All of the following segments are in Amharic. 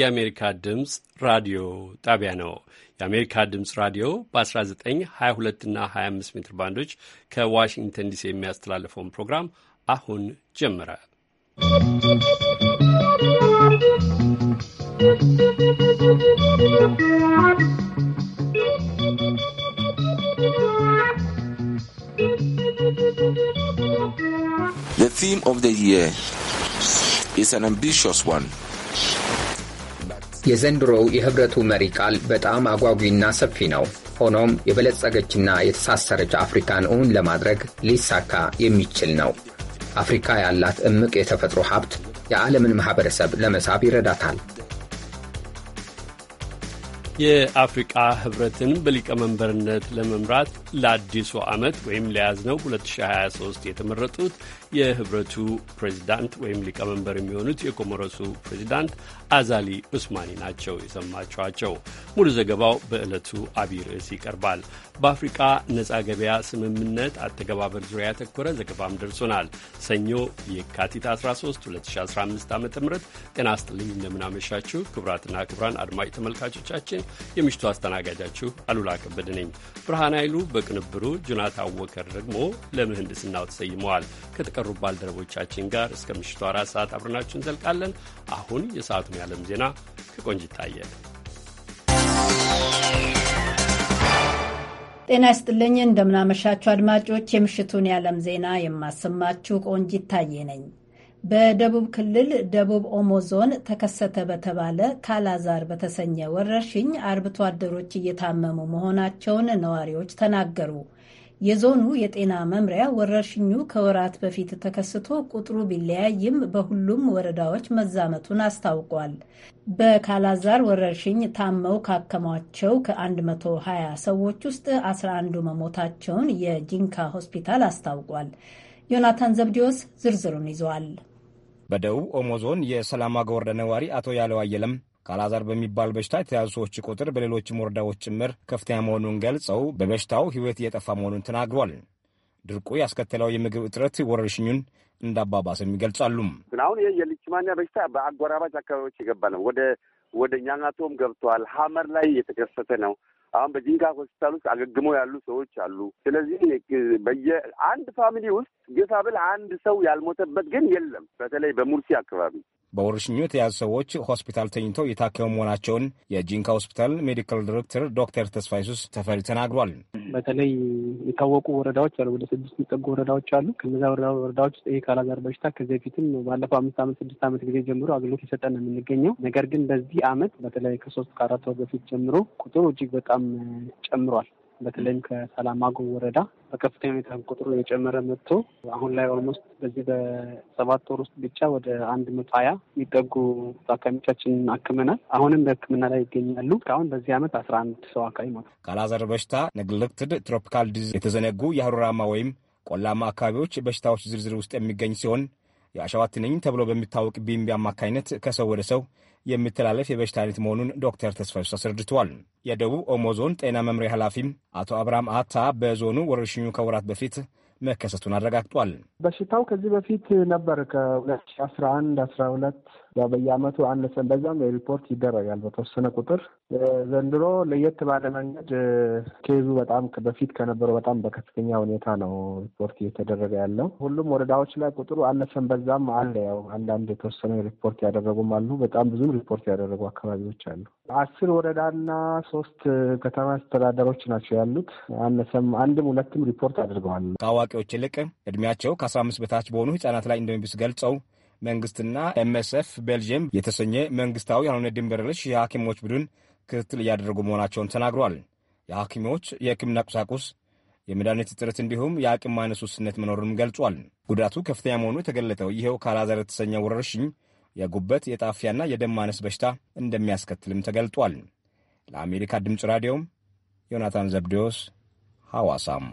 የአሜሪካ ድምፅ ራዲዮ ጣቢያ ነው። የአሜሪካ ድምፅ ራዲዮ በ1922 እና 25 ሜትር ባንዶች ከዋሽንግተን ዲሲ የሚያስተላልፈውን ፕሮግራም አሁን ጀመረ። The theme of the year is an ambitious one. የዘንድሮው የህብረቱ መሪ ቃል በጣም አጓጊና ሰፊ ነው። ሆኖም የበለጸገችና የተሳሰረች አፍሪካን እውን ለማድረግ ሊሳካ የሚችል ነው። አፍሪካ ያላት እምቅ የተፈጥሮ ሀብት የዓለምን ማኅበረሰብ ለመሳብ ይረዳታል። የአፍሪቃ ህብረትን በሊቀመንበርነት ለመምራት ለአዲሱ ዓመት ወይም ለያዝነው 2023 የተመረጡት የህብረቱ ፕሬዚዳንት ወይም ሊቀመንበር የሚሆኑት የኮሞረሱ ፕሬዚዳንት አዛሊ ኡስማኒ ናቸው የሰማችኋቸው። ሙሉ ዘገባው በዕለቱ አቢይ ርዕስ ይቀርባል። በአፍሪቃ ነጻ ገበያ ስምምነት አተገባበር ዙሪያ ያተኮረ ዘገባም ደርሶናል። ሰኞ የካቲት 13 2015 ዓ ም ጤና ስጥልኝ፣ እንደምናመሻችሁ ክቡራትና ክቡራን አድማጭ ተመልካቾቻችን የምሽቱ አስተናጋጃችሁ አሉላ ከበደ ነኝ። ብርሃን ኃይሉ በቅንብሩ ጁናታን ወከር ደግሞ ለምህንድስናው ተሰይመዋል። ከቀሩ ባልደረቦቻችን ጋር እስከ ምሽቱ አራት ሰዓት አብረናችሁ እንዘልቃለን። አሁን የሰዓቱን የዓለም ዜና ከቆንጅ ይታያል። ጤና ይስጥልኝ። እንደምናመሻችሁ አድማጮች፣ የምሽቱን የዓለም ዜና የማሰማችሁ ቆንጅ ይታየ ነኝ። በደቡብ ክልል ደቡብ ኦሞ ዞን ተከሰተ በተባለ ካላዛር በተሰኘ ወረርሽኝ አርብቶ አደሮች እየታመሙ መሆናቸውን ነዋሪዎች ተናገሩ። የዞኑ የጤና መምሪያ ወረርሽኙ ከወራት በፊት ተከስቶ ቁጥሩ ቢለያይም በሁሉም ወረዳዎች መዛመቱን አስታውቋል። በካላዛር ወረርሽኝ ታመው ካከሟቸው ከ120 ሰዎች ውስጥ 11ዱ መሞታቸውን የጂንካ ሆስፒታል አስታውቋል። ዮናታን ዘብዲዎስ ዝርዝሩን ይዘዋል። በደቡብ ኦሞ ዞን የሰላማጎ ነዋሪ አቶ ያለው አየለም ካላዛር በሚባል በሽታ የተያዙ ሰዎች ቁጥር በሌሎችም ወረዳዎች ጭምር ከፍተኛ መሆኑን ገልጸው በበሽታው ሕይወት እየጠፋ መሆኑን ተናግሯል። ድርቁ ያስከተለው የምግብ እጥረት ወረርሽኙን እንዳባባሰም ይገልጻሉ። አሁን ይህ የሊችማኒያ በሽታ በአጎራባች አካባቢዎች የገባ ነው። ወደ ወደ ኛናቶም ገብተዋል። ሀመር ላይ የተከሰተ ነው። አሁን በጂንካ ሆስፒታል ውስጥ አገግመው ያሉ ሰዎች አሉ። ስለዚህ በየ አንድ ፋሚሊ ውስጥ ግፋ ብል አንድ ሰው ያልሞተበት ግን የለም። በተለይ በሙርሲ አካባቢ በወረርሽኙ የተያዙ ሰዎች ሆስፒታል ተኝተው የታከሙ መሆናቸውን የጂንካ ሆስፒታል ሜዲካል ዲሬክተር ዶክተር ተስፋ ይሱስ ተፈሪ ተናግሯል። በተለይ የታወቁ ወረዳዎች አሉ፣ ወደ ስድስት የሚጠጉ ወረዳዎች አሉ። ከነዚያ ወረዳዎች ውስጥ ይህ ካላዛር በሽታ ከዚህ በፊትም ባለፈው አምስት ዓመት ስድስት ዓመት ጊዜ ጀምሮ አገልግሎት የሰጠን ነው የምንገኘው። ነገር ግን በዚህ ዓመት በተለይ ከሶስት ከአራት ወር በፊት ጀምሮ ቁጥሩ እጅግ በጣም ጨምሯል። በተለይም ከሰላማጎ ወረዳ በከፍተኛ ሁኔታ ቁጥሩ የጨመረ መጥቶ አሁን ላይ ኦልሞስት በዚህ በሰባት ወር ውስጥ ብቻ ወደ አንድ መቶ ሀያ የሚጠጉ ታካሚዎቻችን አክመናል። አሁንም በሕክምና ላይ ይገኛሉ። እስካሁን በዚህ ዓመት አስራ አንድ ሰው አካባቢ ሞት ካላዘር በሽታ ነግለክትድ ትሮፒካል ዲዝ የተዘነጉ የሀሩራማ ወይም ቆላማ አካባቢዎች በሽታዎች ዝርዝር ውስጥ የሚገኝ ሲሆን የአሸዋት ነኝ ተብሎ በሚታወቅ ቢምቢ አማካኝነት ከሰው ወደ ሰው የሚተላለፍ የበሽታ አይነት መሆኑን ዶክተር ተስፋሽ አስረድተዋል። የደቡብ ኦሞ ዞን ጤና መምሪያ ኃላፊም አቶ አብርሃም አታ በዞኑ ወረርሽኙ ከወራት በፊት መከሰቱን አረጋግጧል። በሽታው ከዚህ በፊት ነበር ከ ሺ 12 ያው በየአመቱ አነሰን በዛም ሪፖርት ይደረጋል በተወሰነ ቁጥር። ዘንድሮ ለየት ባለ መንገድ ኬዙ በጣም በፊት ከነበረው በጣም በከፍተኛ ሁኔታ ነው ሪፖርት እየተደረገ ያለው። ሁሉም ወረዳዎች ላይ ቁጥሩ አነሰን በዛም አለ። ያው አንዳንድ የተወሰነ ሪፖርት ያደረጉም አሉ። በጣም ብዙም ሪፖርት ያደረጉ አካባቢዎች አሉ። አስር ወረዳና ሶስት ከተማ አስተዳደሮች ናቸው ያሉት። አነሰም አንድም ሁለትም ሪፖርት አድርገዋል። ከአዋቂዎች ይልቅ እድሜያቸው ከአስራ አምስት በታች በሆኑ ህጻናት ላይ እንደሚብስ ገልጸው መንግስትና ኤምኤስኤፍ ቤልጅየም የተሰኘ መንግስታዊ ያልሆነ ድንበር የለሽ የሐኪሞች ቡድን ክትትል እያደረጉ መሆናቸውን ተናግሯል። የሐኪሞች የሕክምና ቁሳቁስ የመድኃኒት እጥረት እንዲሁም የአቅም ማነስ ውስንነት መኖሩንም ገልጿል። ጉዳቱ ከፍተኛ መሆኑ የተገለጠው ይኸው ካላዘር የተሰኘ ወረርሽኝ የጉበት የጣፊያና የደም ማነስ በሽታ እንደሚያስከትልም ተገልጧል። ለአሜሪካ ድምፅ ራዲዮም ዮናታን ዘብዴዎስ ሐዋሳም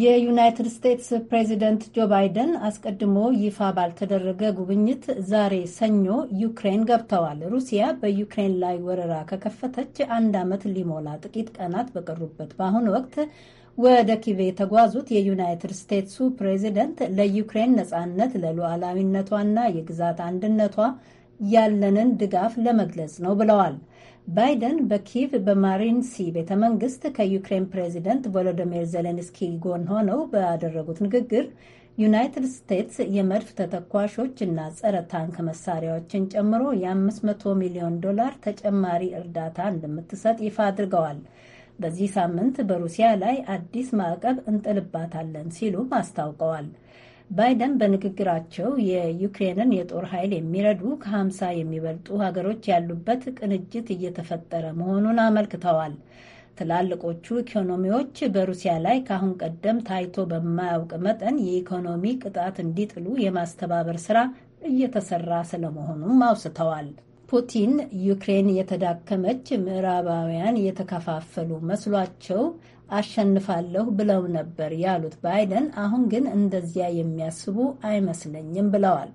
የዩናይትድ ስቴትስ ፕሬዚደንት ጆ ባይደን አስቀድሞ ይፋ ባልተደረገ ጉብኝት ዛሬ ሰኞ ዩክሬን ገብተዋል። ሩሲያ በዩክሬን ላይ ወረራ ከከፈተች አንድ ዓመት ሊሞላ ጥቂት ቀናት በቀሩበት በአሁኑ ወቅት ወደ ኪቭ የተጓዙት የዩናይትድ ስቴትሱ ፕሬዚደንት ለዩክሬን ነጻነት፣ ለሉዓላዊነቷና የግዛት አንድነቷ ያለንን ድጋፍ ለመግለጽ ነው ብለዋል። ባይደን በኪቭ በማሪንሲ ቤተ መንግስት ከዩክሬን ፕሬዚደንት ቮሎዶሚር ዜሌንስኪ ጎን ሆነው ባደረጉት ንግግር ዩናይትድ ስቴትስ የመድፍ ተተኳሾች እና ጸረ ታንክ መሳሪያዎችን ጨምሮ የ500 ሚሊዮን ዶላር ተጨማሪ እርዳታ እንደምትሰጥ ይፋ አድርገዋል። በዚህ ሳምንት በሩሲያ ላይ አዲስ ማዕቀብ እንጥልባታለን ሲሉም አስታውቀዋል። ባይደን በንግግራቸው የዩክሬንን የጦር ኃይል የሚረዱ ከ የሚበልጡ ሀገሮች ያሉበት ቅንጅት እየተፈጠረ መሆኑን አመልክተዋል። ትላልቆቹ ኢኮኖሚዎች በሩሲያ ላይ ከአሁን ቀደም ታይቶ በማያውቅ መጠን የኢኮኖሚ ቅጣት እንዲጥሉ የማስተባበር ስራ እየተሰራ ስለመሆኑም አውስተዋል። ፑቲን ዩክሬን የተዳከመች ምዕራባውያን የተከፋፈሉ መስሏቸው አሸንፋለሁ ብለው ነበር ያሉት ባይደን አሁን ግን እንደዚያ የሚያስቡ አይመስለኝም ብለዋል።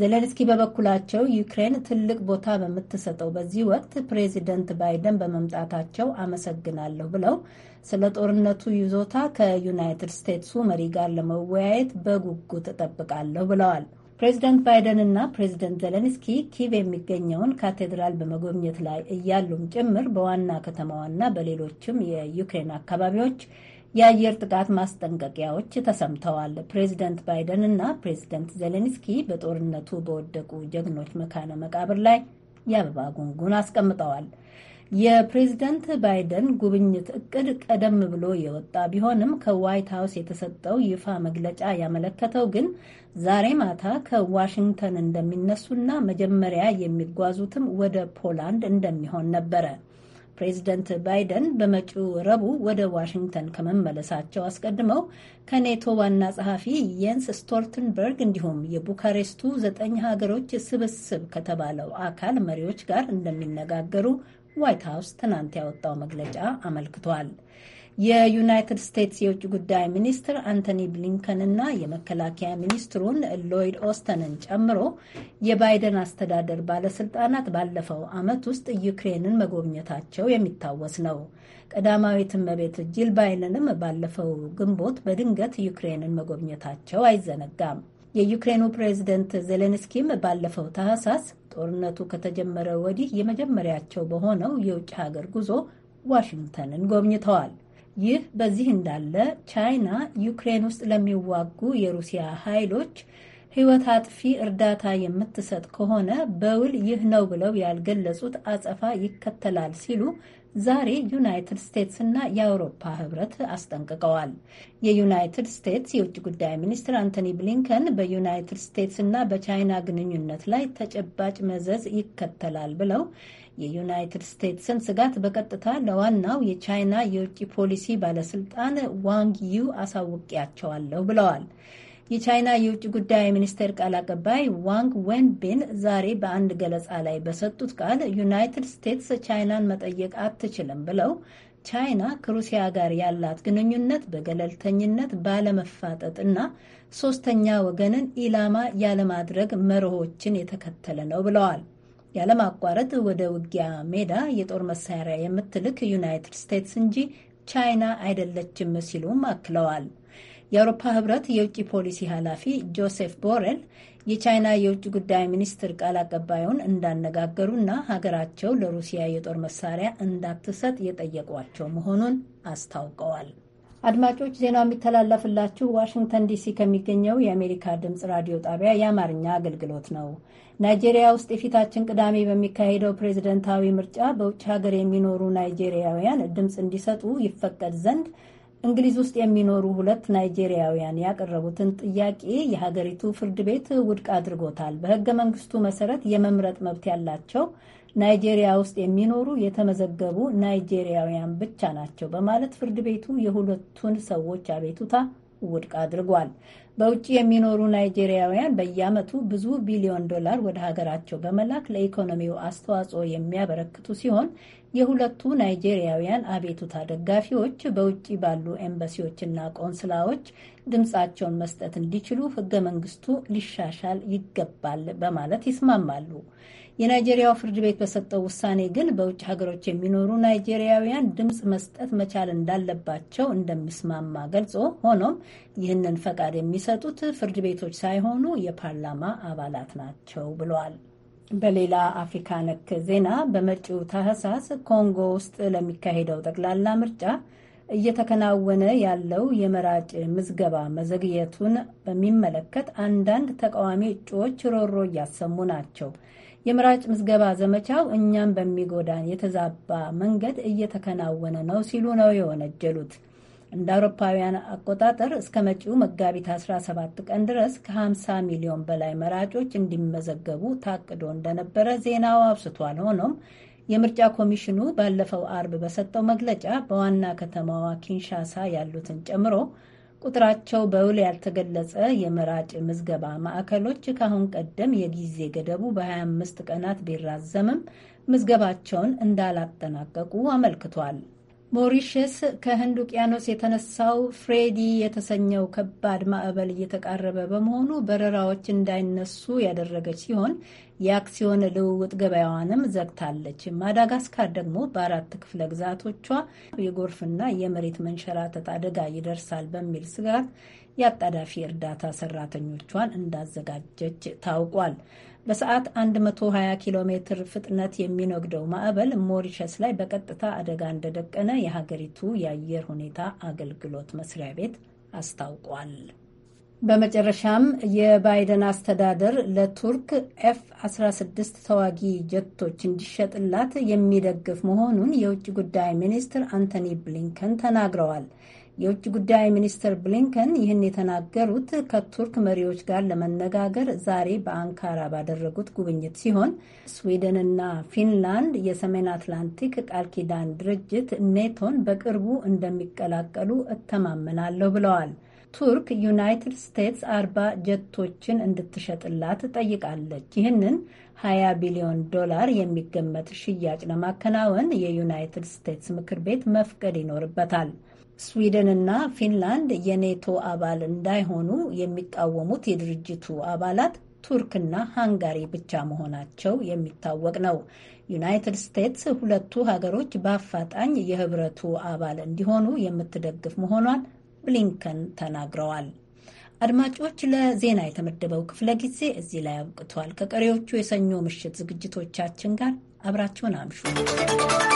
ዜሌንስኪ በበኩላቸው ዩክሬን ትልቅ ቦታ በምትሰጠው በዚህ ወቅት ፕሬዚደንት ባይደን በመምጣታቸው አመሰግናለሁ ብለው ስለ ጦርነቱ ይዞታ ከዩናይትድ ስቴትሱ መሪ ጋር ለመወያየት በጉጉት እጠብቃለሁ ብለዋል። ፕሬዚደንት እና ፕሬዚደንት ዘለንስኪ ኪቭ የሚገኘውን ካቴድራል በመጎብኘት ላይ እያሉም ጭምር በዋና ከተማዋና በሌሎችም የዩክሬን አካባቢዎች የአየር ጥቃት ማስጠንቀቂያዎች ተሰምተዋል። ፕሬዚደንት ባይደን እና ፕሬዚደንት ዘለንስኪ በጦርነቱ በወደቁ ጀግኖች መካነ መቃብር ላይ የአበባ ጉንጉን አስቀምጠዋል። የፕሬዝደንት ባይደን ጉብኝት እቅድ ቀደም ብሎ የወጣ ቢሆንም ከዋይት ሀውስ የተሰጠው ይፋ መግለጫ ያመለከተው ግን ዛሬ ማታ ከዋሽንግተን እንደሚነሱና መጀመሪያ የሚጓዙትም ወደ ፖላንድ እንደሚሆን ነበረ። ፕሬዝደንት ባይደን በመጪው ረቡዕ ወደ ዋሽንግተን ከመመለሳቸው አስቀድመው ከኔቶ ዋና ጸሐፊ የንስ ስቶልተንበርግ እንዲሁም የቡካሬስቱ ዘጠኝ ሀገሮች ስብስብ ከተባለው አካል መሪዎች ጋር እንደሚነጋገሩ ዋይት ሀውስ ትናንት ያወጣው መግለጫ አመልክቷል። የዩናይትድ ስቴትስ የውጭ ጉዳይ ሚኒስትር አንቶኒ ብሊንከንና የመከላከያ ሚኒስትሩን ሎይድ ኦስተንን ጨምሮ የባይደን አስተዳደር ባለስልጣናት ባለፈው ዓመት ውስጥ ዩክሬንን መጎብኘታቸው የሚታወስ ነው። ቀዳማዊት እመቤት ጂል ባይደንም ባለፈው ግንቦት በድንገት ዩክሬንን መጎብኘታቸው አይዘነጋም። የዩክሬኑ ፕሬዝደንት ዜሌንስኪም ባለፈው ታህሳስ ጦርነቱ ከተጀመረ ወዲህ የመጀመሪያቸው በሆነው የውጭ ሀገር ጉዞ ዋሽንግተንን ጎብኝተዋል። ይህ በዚህ እንዳለ ቻይና ዩክሬን ውስጥ ለሚዋጉ የሩሲያ ኃይሎች ሕይወት አጥፊ እርዳታ የምትሰጥ ከሆነ በውል ይህ ነው ብለው ያልገለጹት አጸፋ ይከተላል ሲሉ ዛሬ ዩናይትድ ስቴትስ እና የአውሮፓ ህብረት አስጠንቅቀዋል። የዩናይትድ ስቴትስ የውጭ ጉዳይ ሚኒስትር አንቶኒ ብሊንከን በዩናይትድ ስቴትስ እና በቻይና ግንኙነት ላይ ተጨባጭ መዘዝ ይከተላል ብለው የዩናይትድ ስቴትስን ስጋት በቀጥታ ለዋናው የቻይና የውጭ ፖሊሲ ባለስልጣን ዋንግ ዩ አሳውቂያቸዋለሁ ብለዋል። የቻይና የውጭ ጉዳይ ሚኒስቴር ቃል አቀባይ ዋንግ ወንቢን ዛሬ በአንድ ገለጻ ላይ በሰጡት ቃል ዩናይትድ ስቴትስ ቻይናን መጠየቅ አትችልም ብለው ቻይና ከሩሲያ ጋር ያላት ግንኙነት በገለልተኝነት ባለመፋጠጥ እና ሶስተኛ ወገንን ኢላማ ያለማድረግ መርሆችን የተከተለ ነው ብለዋል። ያለማቋረጥ ወደ ውጊያ ሜዳ የጦር መሳሪያ የምትልክ ዩናይትድ ስቴትስ እንጂ ቻይና አይደለችም ሲሉም አክለዋል። የአውሮፓ ህብረት የውጭ ፖሊሲ ኃላፊ ጆሴፍ ቦሬል የቻይና የውጭ ጉዳይ ሚኒስትር ቃል አቀባዩን እንዳነጋገሩና ሀገራቸው ለሩሲያ የጦር መሳሪያ እንዳትሰጥ የጠየቋቸው መሆኑን አስታውቀዋል። አድማጮች ዜናው የሚተላለፍላችሁ ዋሽንግተን ዲሲ ከሚገኘው የአሜሪካ ድምፅ ራዲዮ ጣቢያ የአማርኛ አገልግሎት ነው። ናይጄሪያ ውስጥ የፊታችን ቅዳሜ በሚካሄደው ፕሬዝደንታዊ ምርጫ በውጭ ሀገር የሚኖሩ ናይጄሪያውያን ድምፅ እንዲሰጡ ይፈቀድ ዘንድ እንግሊዝ ውስጥ የሚኖሩ ሁለት ናይጄሪያውያን ያቀረቡትን ጥያቄ የሀገሪቱ ፍርድ ቤት ውድቅ አድርጎታል። በህገ መንግስቱ መሰረት የመምረጥ መብት ያላቸው ናይጄሪያ ውስጥ የሚኖሩ የተመዘገቡ ናይጄሪያውያን ብቻ ናቸው በማለት ፍርድ ቤቱ የሁለቱን ሰዎች አቤቱታ ውድቅ አድርጓል። በውጭ የሚኖሩ ናይጄሪያውያን በየዓመቱ ብዙ ቢሊዮን ዶላር ወደ ሀገራቸው በመላክ ለኢኮኖሚው አስተዋጽኦ የሚያበረክቱ ሲሆን የሁለቱ ናይጄሪያውያን አቤቱታ ደጋፊዎች በውጭ ባሉ ኤምባሲዎችና ቆንስላዎች ድምፃቸውን መስጠት እንዲችሉ ህገ መንግስቱ ሊሻሻል ይገባል በማለት ይስማማሉ። የናይጄሪያው ፍርድ ቤት በሰጠው ውሳኔ ግን በውጭ ሀገሮች የሚኖሩ ናይጄሪያውያን ድምፅ መስጠት መቻል እንዳለባቸው እንደሚስማማ ገልጾ፣ ሆኖም ይህንን ፈቃድ የሚሰጡት ፍርድ ቤቶች ሳይሆኑ የፓርላማ አባላት ናቸው ብለዋል። በሌላ አፍሪካ ነክ ዜና በመጪው ታህሳስ ኮንጎ ውስጥ ለሚካሄደው ጠቅላላ ምርጫ እየተከናወነ ያለው የመራጭ ምዝገባ መዘግየቱን በሚመለከት አንዳንድ ተቃዋሚ እጩዎች ሮሮ እያሰሙ ናቸው። የምራጭ ምዝገባ ዘመቻው እኛም በሚጎዳን የተዛባ መንገድ እየተከናወነ ነው ሲሉ ነው የወነጀሉት። እንደ አውሮፓውያን አቆጣጠር እስከ መጪው መጋቢት 17 ቀን ድረስ ከ50 ሚሊዮን በላይ መራጮች እንዲመዘገቡ ታቅዶ እንደነበረ ዜናው አብስቷል። ሆኖም የምርጫ ኮሚሽኑ ባለፈው አርብ በሰጠው መግለጫ በዋና ከተማዋ ኪንሻሳ ያሉትን ጨምሮ ቁጥራቸው በውል ያልተገለጸ የመራጭ ምዝገባ ማዕከሎች ከአሁን ቀደም የጊዜ ገደቡ በ25 ቀናት ቢራዘምም ምዝገባቸውን እንዳላጠናቀቁ አመልክቷል። ሞሪሸስ ከህንድ ውቅያኖስ የተነሳው ፍሬዲ የተሰኘው ከባድ ማዕበል እየተቃረበ በመሆኑ በረራዎች እንዳይነሱ ያደረገች ሲሆን የአክሲዮን ልውውጥ ገበያዋንም ዘግታለች። ማዳጋስካር ደግሞ በአራት ክፍለ ግዛቶቿ የጎርፍና የመሬት መንሸራተት አደጋ ይደርሳል በሚል ስጋት የአጣዳፊ እርዳታ ሰራተኞቿን እንዳዘጋጀች ታውቋል። በሰዓት 120 ኪሎ ሜትር ፍጥነት የሚነግደው ማዕበል ሞሪሸስ ላይ በቀጥታ አደጋ እንደደቀነ የሀገሪቱ የአየር ሁኔታ አገልግሎት መስሪያ ቤት አስታውቋል። በመጨረሻም የባይደን አስተዳደር ለቱርክ ኤፍ 16 ተዋጊ ጀቶች እንዲሸጥላት የሚደግፍ መሆኑን የውጭ ጉዳይ ሚኒስትር አንቶኒ ብሊንከን ተናግረዋል። የውጭ ጉዳይ ሚኒስትር ብሊንከን ይህን የተናገሩት ከቱርክ መሪዎች ጋር ለመነጋገር ዛሬ በአንካራ ባደረጉት ጉብኝት ሲሆን ስዊድንና ፊንላንድ የሰሜን አትላንቲክ ቃል ኪዳን ድርጅት ኔቶን በቅርቡ እንደሚቀላቀሉ እተማመናለሁ ብለዋል። ቱርክ ዩናይትድ ስቴትስ አርባ ጀቶችን እንድትሸጥላት ጠይቃለች። ይህንን 20 ቢሊዮን ዶላር የሚገመት ሽያጭ ለማከናወን የዩናይትድ ስቴትስ ምክር ቤት መፍቀድ ይኖርበታል። ስዊድንና ፊንላንድ የኔቶ አባል እንዳይሆኑ የሚቃወሙት የድርጅቱ አባላት ቱርክና ሃንጋሪ ብቻ መሆናቸው የሚታወቅ ነው። ዩናይትድ ስቴትስ ሁለቱ ሀገሮች በአፋጣኝ የህብረቱ አባል እንዲሆኑ የምትደግፍ መሆኗን ብሊንከን ተናግረዋል። አድማጮች፣ ለዜና የተመደበው ክፍለ ጊዜ እዚህ ላይ አብቅቷል። ከቀሪዎቹ የሰኞ ምሽት ዝግጅቶቻችን ጋር አብራችሁን አምሹ።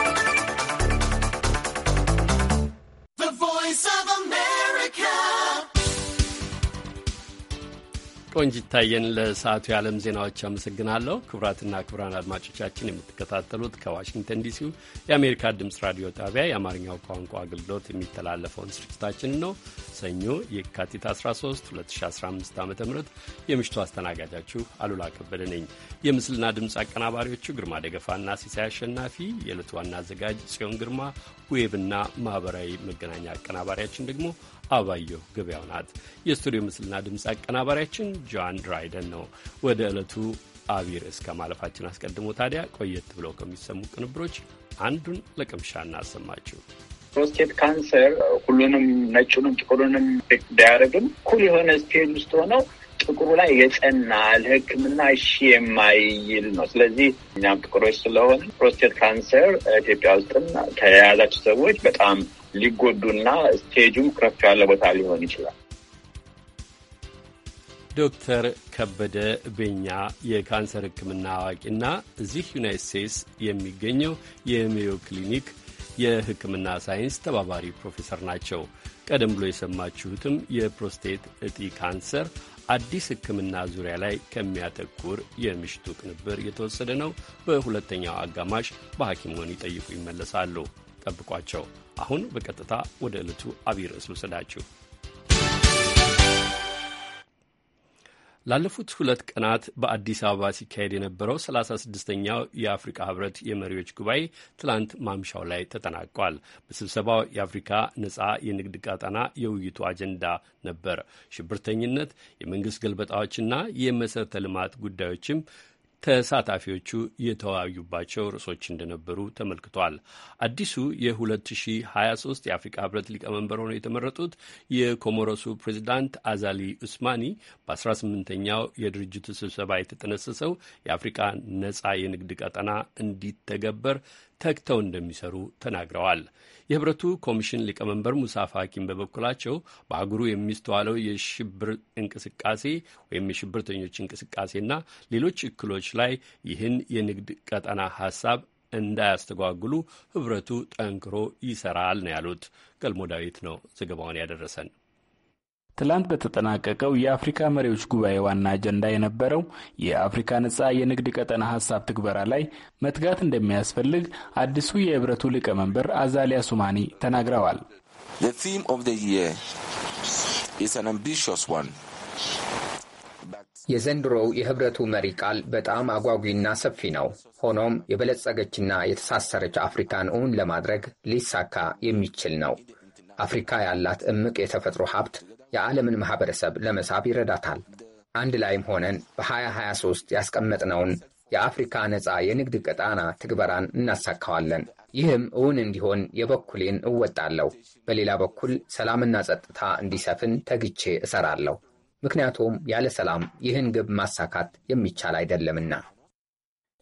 ቆንጅ ይታየን ለሰዓቱ የዓለም ዜናዎች አመሰግናለሁ። ክቡራትና ክቡራን አድማጮቻችን የምትከታተሉት ከዋሽንግተን ዲሲው የአሜሪካ ድምፅ ራዲዮ ጣቢያ የአማርኛው ቋንቋ አገልግሎት የሚተላለፈውን ስርጭታችን ነው። ሰኞ የካቲት 13 2015 ዓ ም የምሽቱ አስተናጋጃችሁ አሉላ ከበደ ነኝ። የምስልና ድምፅ አቀናባሪዎቹ ግርማ ደገፋና ሲሳይ አሸናፊ፣ የዕለቱ ዋና አዘጋጅ ጽዮን ግርማ፣ ዌብና ማኅበራዊ መገናኛ አቀናባሪያችን ደግሞ አባየሁ ገበያው ናት። የስቱዲዮ ምስልና ድምፅ አቀናባሪያችን ጆን ድራይደን ነው። ወደ ዕለቱ አቢይ ርዕስ ከማለፋችን አስቀድሞ ታዲያ ቆየት ብለው ከሚሰሙ ቅንብሮች አንዱን ለቅምሻ እናሰማችሁ። ፕሮስቴት ካንሰር ሁሉንም ነጩንም ጥቁሩንም ቢያደርግም እኩል የሆነ ስቴል ውስጥ ሆነው ጥቁሩ ላይ የጸና ለሕክምና እሺ የማይል ነው። ስለዚህ እኛም ጥቁሮች ስለሆነ ፕሮስቴት ካንሰር ኢትዮጵያ ውስጥም ከያዛቸው ሰዎች በጣም ሊጎዱና ስቴጁም ከፍ ያለ ቦታ ሊሆን ይችላል። ዶክተር ከበደ ቤኛ የካንሰር ሕክምና አዋቂና እዚህ ዩናይት ስቴትስ የሚገኘው የሜዮ ክሊኒክ የሕክምና ሳይንስ ተባባሪ ፕሮፌሰር ናቸው። ቀደም ብሎ የሰማችሁትም የፕሮስቴት እጢ ካንሰር አዲስ ሕክምና ዙሪያ ላይ ከሚያተኩር የምሽቱ ቅንብር የተወሰደ ነው። በሁለተኛው አጋማሽ በሐኪሞን ይጠይቁ ይመለሳሉ። ጠብቋቸው። አሁን በቀጥታ ወደ ዕለቱ አብይ ርዕስ ልውሰዳችሁ። ላለፉት ሁለት ቀናት በአዲስ አበባ ሲካሄድ የነበረው 36ኛው የአፍሪካ ህብረት የመሪዎች ጉባኤ ትላንት ማምሻው ላይ ተጠናቋል። በስብሰባው የአፍሪካ ነጻ የንግድ ቃጠና የውይይቱ አጀንዳ ነበር። ሽብርተኝነት፣ የመንግስት ገልበጣዎችና የመሠረተ ልማት ጉዳዮችም ተሳታፊዎቹ የተወያዩባቸው ርዕሶች እንደነበሩ ተመልክቷል። አዲሱ የ2023 የአፍሪካ ህብረት ሊቀመንበር ሆነው የተመረጡት የኮሞሮሱ ፕሬዚዳንት አዛሊ ኡስማኒ በ18ኛው የድርጅቱ ስብሰባ የተጠነሰሰው የአፍሪካ ነጻ የንግድ ቀጠና እንዲተገበር ተግተው እንደሚሰሩ ተናግረዋል። የህብረቱ ኮሚሽን ሊቀመንበር ሙሳ ፋኪም በበኩላቸው በአህጉሩ የሚስተዋለው የሽብር እንቅስቃሴ ወይም የሽብርተኞች እንቅስቃሴና ሌሎች እክሎች ላይ ይህን የንግድ ቀጠና ሀሳብ እንዳያስተጓጉሉ ህብረቱ ጠንክሮ ይሰራል ነው ያሉት። ገልሞ ዳዊት ነው ዘገባውን ያደረሰን። ትላንት በተጠናቀቀው የአፍሪካ መሪዎች ጉባኤ ዋና አጀንዳ የነበረው የአፍሪካ ነጻ የንግድ ቀጠና ሀሳብ ትግበራ ላይ መትጋት እንደሚያስፈልግ አዲሱ የህብረቱ ሊቀመንበር አዛሊያ ሱማኒ ተናግረዋል። የዘንድሮው የህብረቱ መሪ ቃል በጣም አጓጊና ሰፊ ነው። ሆኖም የበለጸገችና የተሳሰረች አፍሪካን እውን ለማድረግ ሊሳካ የሚችል ነው። አፍሪካ ያላት እምቅ የተፈጥሮ ሀብት የዓለምን ማኅበረሰብ ለመሳብ ይረዳታል። አንድ ላይም ሆነን በ2023 ያስቀመጥነውን የአፍሪካ ነፃ የንግድ ቀጣና ትግበራን እናሳካዋለን። ይህም እውን እንዲሆን የበኩሌን እወጣለሁ። በሌላ በኩል ሰላምና ጸጥታ እንዲሰፍን ተግቼ እሰራለሁ። ምክንያቱም ያለ ሰላም ይህን ግብ ማሳካት የሚቻል አይደለምና።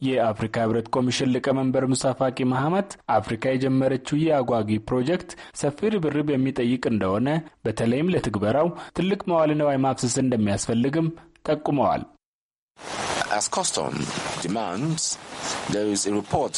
የአፍሪካ ህብረት ኮሚሽን ሊቀመንበር ሙሳ ፋቂ መሐመድ አፍሪካ የጀመረችው የአጓጊ ፕሮጀክት ሰፊ ርብርብ የሚጠይቅ እንደሆነ በተለይም ለትግበራው ትልቅ መዋለ ንዋይ ማፍሰስ እንደሚያስፈልግም ጠቁመዋል። As custom demands, there is a report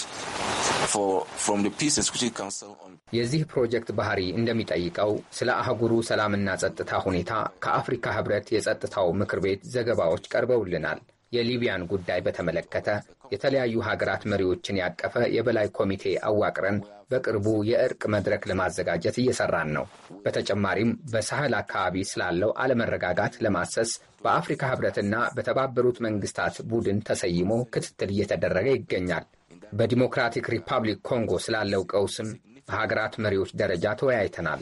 የዚህ ፕሮጀክት ባህሪ እንደሚጠይቀው ስለ አህጉሩ ሰላምና ጸጥታ ሁኔታ ከአፍሪካ ህብረት የጸጥታው ምክር ቤት ዘገባዎች ቀርበውልናል። የሊቢያን ጉዳይ በተመለከተ የተለያዩ ሀገራት መሪዎችን ያቀፈ የበላይ ኮሚቴ አዋቅረን በቅርቡ የእርቅ መድረክ ለማዘጋጀት እየሰራን ነው። በተጨማሪም በሳህል አካባቢ ስላለው አለመረጋጋት ለማሰስ በአፍሪካ ህብረትና በተባበሩት መንግስታት ቡድን ተሰይሞ ክትትል እየተደረገ ይገኛል። በዲሞክራቲክ ሪፐብሊክ ኮንጎ ስላለው ቀውስም በሀገራት መሪዎች ደረጃ ተወያይተናል።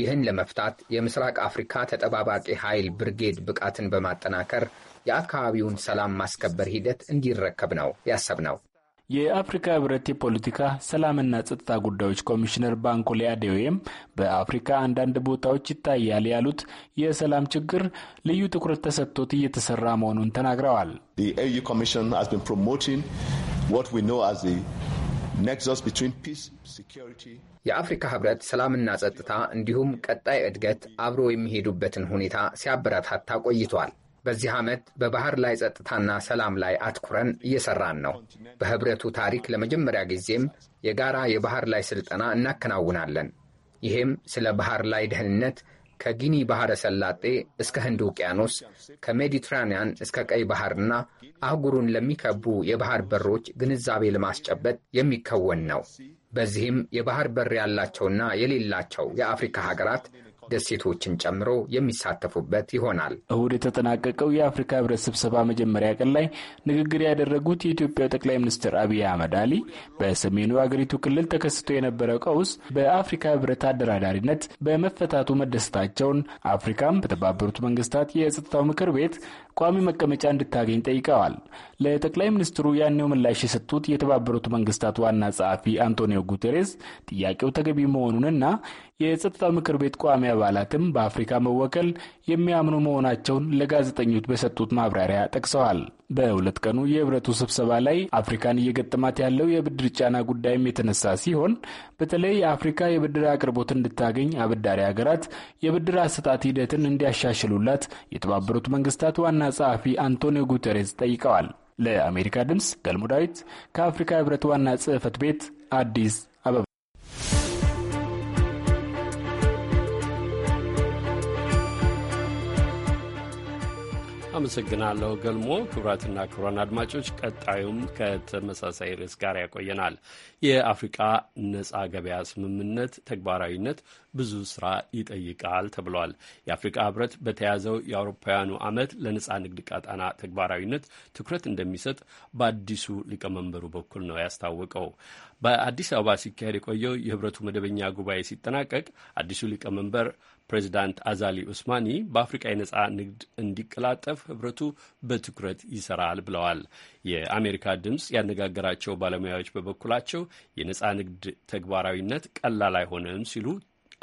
ይህን ለመፍታት የምስራቅ አፍሪካ ተጠባባቂ ኃይል ብርጌድ ብቃትን በማጠናከር የአካባቢውን ሰላም ማስከበር ሂደት እንዲረከብ ነው ያሰብነው። የአፍሪካ ህብረት የፖለቲካ ሰላምና ጸጥታ ጉዳዮች ኮሚሽነር ባንኮሌ አዴዌም በአፍሪካ አንዳንድ ቦታዎች ይታያል ያሉት የሰላም ችግር ልዩ ትኩረት ተሰጥቶት እየተሰራ መሆኑን ተናግረዋል። የአፍሪካ ህብረት ሰላምና ጸጥታ እንዲሁም ቀጣይ እድገት አብሮ የሚሄዱበትን ሁኔታ ሲያበረታታ ቆይቷል። በዚህ ዓመት በባህር ላይ ጸጥታና ሰላም ላይ አትኩረን እየሰራን ነው። በህብረቱ ታሪክ ለመጀመሪያ ጊዜም የጋራ የባህር ላይ ስልጠና እናከናውናለን። ይሄም ስለ ባህር ላይ ደህንነት ከጊኒ ባህረ ሰላጤ እስከ ህንድ ውቅያኖስ ከሜዲትራንያን እስከ ቀይ ባህርና አህጉሩን ለሚከቡ የባህር በሮች ግንዛቤ ለማስጨበጥ የሚከወን ነው። በዚህም የባህር በር ያላቸውና የሌላቸው የአፍሪካ ሀገራት ደሴቶችን ጨምሮ የሚሳተፉበት ይሆናል። እሁድ የተጠናቀቀው የአፍሪካ ህብረት ስብሰባ መጀመሪያ ቀን ላይ ንግግር ያደረጉት የኢትዮጵያ ጠቅላይ ሚኒስትር አብይ አህመድ አሊ በሰሜኑ አገሪቱ ክልል ተከስቶ የነበረው ቀውስ በአፍሪካ ህብረት አደራዳሪነት በመፈታቱ መደሰታቸውን፣ አፍሪካም በተባበሩት መንግስታት የጸጥታው ምክር ቤት ቋሚ መቀመጫ እንድታገኝ ጠይቀዋል። ለጠቅላይ ሚኒስትሩ ያኔው ምላሽ የሰጡት የተባበሩት መንግስታት ዋና ጸሐፊ አንቶኒዮ ጉቴሬስ ጥያቄው ተገቢ መሆኑንና የጸጥታ ምክር ቤት ቋሚ አባላትም በአፍሪካ መወከል የሚያምኑ መሆናቸውን ለጋዜጠኞች በሰጡት ማብራሪያ ጠቅሰዋል። በሁለት ቀኑ የህብረቱ ስብሰባ ላይ አፍሪካን እየገጠማት ያለው የብድር ጫና ጉዳይም የተነሳ ሲሆን በተለይ የአፍሪካ የብድር አቅርቦት እንድታገኝ አበዳሪ ሀገራት የብድር አሰጣት ሂደትን እንዲያሻሽሉላት የተባበሩት መንግስታት ዋና ጸሐፊ አንቶኒዮ ጉተሬዝ ጠይቀዋል። ለአሜሪካ ድምፅ ገልሙ ዳዊት ከአፍሪካ ህብረት ዋና ጽሕፈት ቤት አዲስ አመሰግናለሁ ገልሞ። ክቡራትና ክቡራን አድማጮች ቀጣዩም ከተመሳሳይ ርዕስ ጋር ያቆየናል። የአፍሪቃ ነጻ ገበያ ስምምነት ተግባራዊነት ብዙ ስራ ይጠይቃል ተብሏል። የአፍሪቃ ህብረት በተያዘው የአውሮፓውያኑ ዓመት ለነጻ ንግድ ቀጣና ተግባራዊነት ትኩረት እንደሚሰጥ በአዲሱ ሊቀመንበሩ በኩል ነው ያስታወቀው። በአዲስ አበባ ሲካሄድ የቆየው የህብረቱ መደበኛ ጉባኤ ሲጠናቀቅ አዲሱ ሊቀመንበር ፕሬዚዳንት አዛሊ ኡስማኒ በአፍሪቃ የነጻ ንግድ እንዲቀላጠፍ ህብረቱ በትኩረት ይሰራል ብለዋል። የአሜሪካ ድምፅ ያነጋገራቸው ባለሙያዎች በበኩላቸው የነጻ ንግድ ተግባራዊነት ቀላል አይሆንም ሲሉ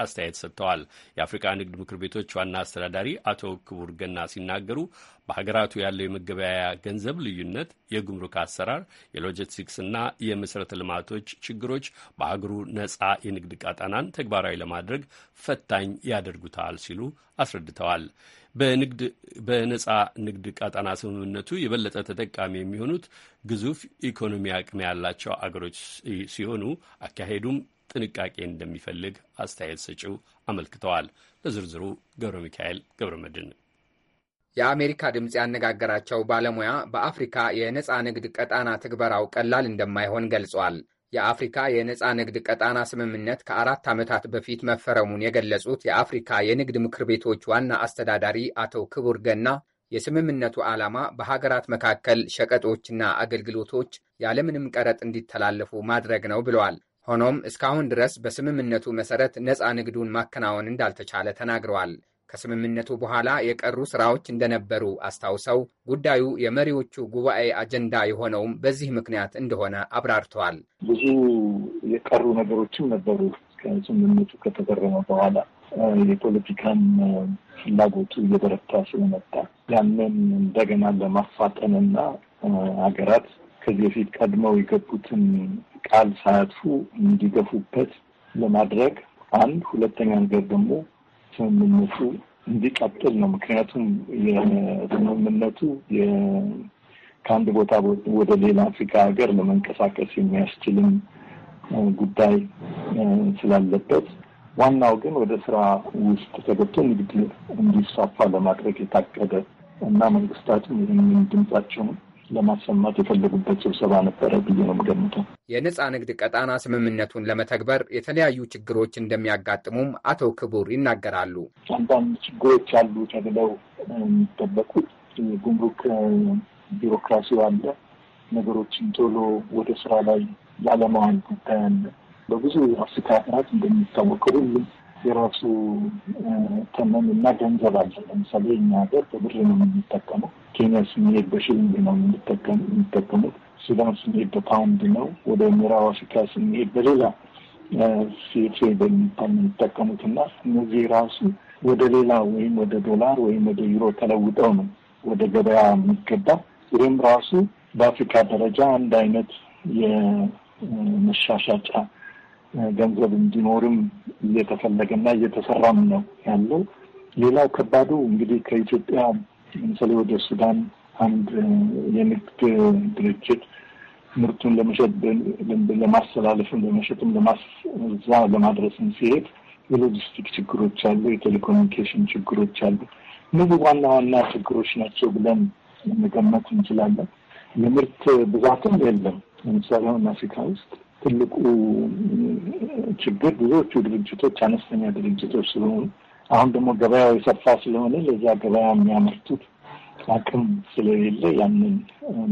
አስተያየት ሰጥተዋል። የአፍሪካ ንግድ ምክር ቤቶች ዋና አስተዳዳሪ አቶ ክቡር ገና ሲናገሩ በሀገራቱ ያለው የመገበያያ ገንዘብ ልዩነት፣ የጉምሩክ አሰራር፣ የሎጂስቲክስ እና የመሠረተ ልማቶች ችግሮች በሀገሩ ነጻ የንግድ ቀጠናን ተግባራዊ ለማድረግ ፈታኝ ያደርጉታል ሲሉ አስረድተዋል። በነጻ ንግድ ቀጠና ስምምነቱ የበለጠ ተጠቃሚ የሚሆኑት ግዙፍ ኢኮኖሚ አቅም ያላቸው አገሮች ሲሆኑ አካሄዱም ጥንቃቄ እንደሚፈልግ አስተያየት ሰጪው አመልክተዋል። ለዝርዝሩ ገብረ ሚካኤል ገብረ መድን የአሜሪካ ድምፅ ያነጋገራቸው ባለሙያ በአፍሪካ የነፃ ንግድ ቀጣና ትግበራው ቀላል እንደማይሆን ገልጿል። የአፍሪካ የነፃ ንግድ ቀጣና ስምምነት ከአራት ዓመታት በፊት መፈረሙን የገለጹት የአፍሪካ የንግድ ምክር ቤቶች ዋና አስተዳዳሪ አቶ ክቡር ገና የስምምነቱ ዓላማ በሀገራት መካከል ሸቀጦችና አገልግሎቶች ያለምንም ቀረጥ እንዲተላለፉ ማድረግ ነው ብለዋል። ሆኖም እስካሁን ድረስ በስምምነቱ መሰረት ነፃ ንግዱን ማከናወን እንዳልተቻለ ተናግረዋል። ከስምምነቱ በኋላ የቀሩ ስራዎች እንደነበሩ አስታውሰው ጉዳዩ የመሪዎቹ ጉባኤ አጀንዳ የሆነውም በዚህ ምክንያት እንደሆነ አብራርተዋል። ብዙ የቀሩ ነገሮችም ነበሩ። ስምምነቱ ከተፈረመ በኋላ የፖለቲካም ፍላጎቱ እየበረታ ስለመጣ ያንን እንደገና ለማፋጠንና ሀገራት ከዚህ በፊት ቀድመው የገቡትን ቃል ሳያጥፉ እንዲገፉበት ለማድረግ አንድ፣ ሁለተኛ ነገር ደግሞ ስምምነቱ እንዲቀጥል ነው። ምክንያቱም የስምምነቱ ከአንድ ቦታ ወደ ሌላ አፍሪካ ሀገር ለመንቀሳቀስ የሚያስችልም ጉዳይ ስላለበት ዋናው ግን ወደ ስራ ውስጥ ተገብቶ ንግድ እንዲስፋፋ ለማድረግ የታቀደ እና መንግስታትም ይህንን ድምጻቸውን ለማሰማት የፈለጉበት ስብሰባ ነበረ ብዬ ነው የምገምተው። የነፃ ንግድ ቀጣና ስምምነቱን ለመተግበር የተለያዩ ችግሮች እንደሚያጋጥሙም አቶ ክቡር ይናገራሉ። አንዳንድ ችግሮች አሉ ተብለው የሚጠበቁት ጉምሩክ ቢሮክራሲው አለ። ነገሮችን ቶሎ ወደ ስራ ላይ ያለመዋል ጉዳይ አለ። በብዙ አፍሪካ ሀገራት እንደሚታወቀው ሁሉም የራሱ ተመን እና ገንዘብ አለ። ለምሳሌ እኛ ሀገር በብር ነው የምንጠቀመው ኬንያ ስንሄድ በሺሊንግ ነው የሚጠቀሙት። ሱዳን ስንሄድ በፓውንድ ነው። ወደ ምዕራብ አፍሪካ ስንሄድ በሌላ ሴፌ በሚባል የሚጠቀሙት እና እነዚህ ራሱ ወደ ሌላ ወይም ወደ ዶላር ወይም ወደ ዩሮ ተለውጠው ነው ወደ ገበያ የሚገባ። ይህም ራሱ በአፍሪካ ደረጃ አንድ አይነት የመሻሻጫ ገንዘብ እንዲኖርም እየተፈለገና እየተሰራም ነው ያለው። ሌላው ከባዱ እንግዲህ ከኢትዮጵያ ለምሳሌ ወደ ሱዳን አንድ የንግድ ድርጅት ምርቱን ለመሸጥ ለማስተላለፍም ለመሸጥም ለማዛ ለማድረስም ሲሄድ የሎጂስቲክ ችግሮች አሉ፣ የቴሌኮሙኒኬሽን ችግሮች አሉ። እነዚህ ዋና ዋና ችግሮች ናቸው ብለን መገመት እንችላለን። የምርት ብዛትም የለም። ለምሳሌ አሁን አፍሪካ ውስጥ ትልቁ ችግር ብዙዎቹ ድርጅቶች አነስተኛ ድርጅቶች ስለሆኑ አሁን ደግሞ ገበያው የሰፋ ስለሆነ ለዛ ገበያ የሚያመርቱት አቅም ስለሌለ ያንን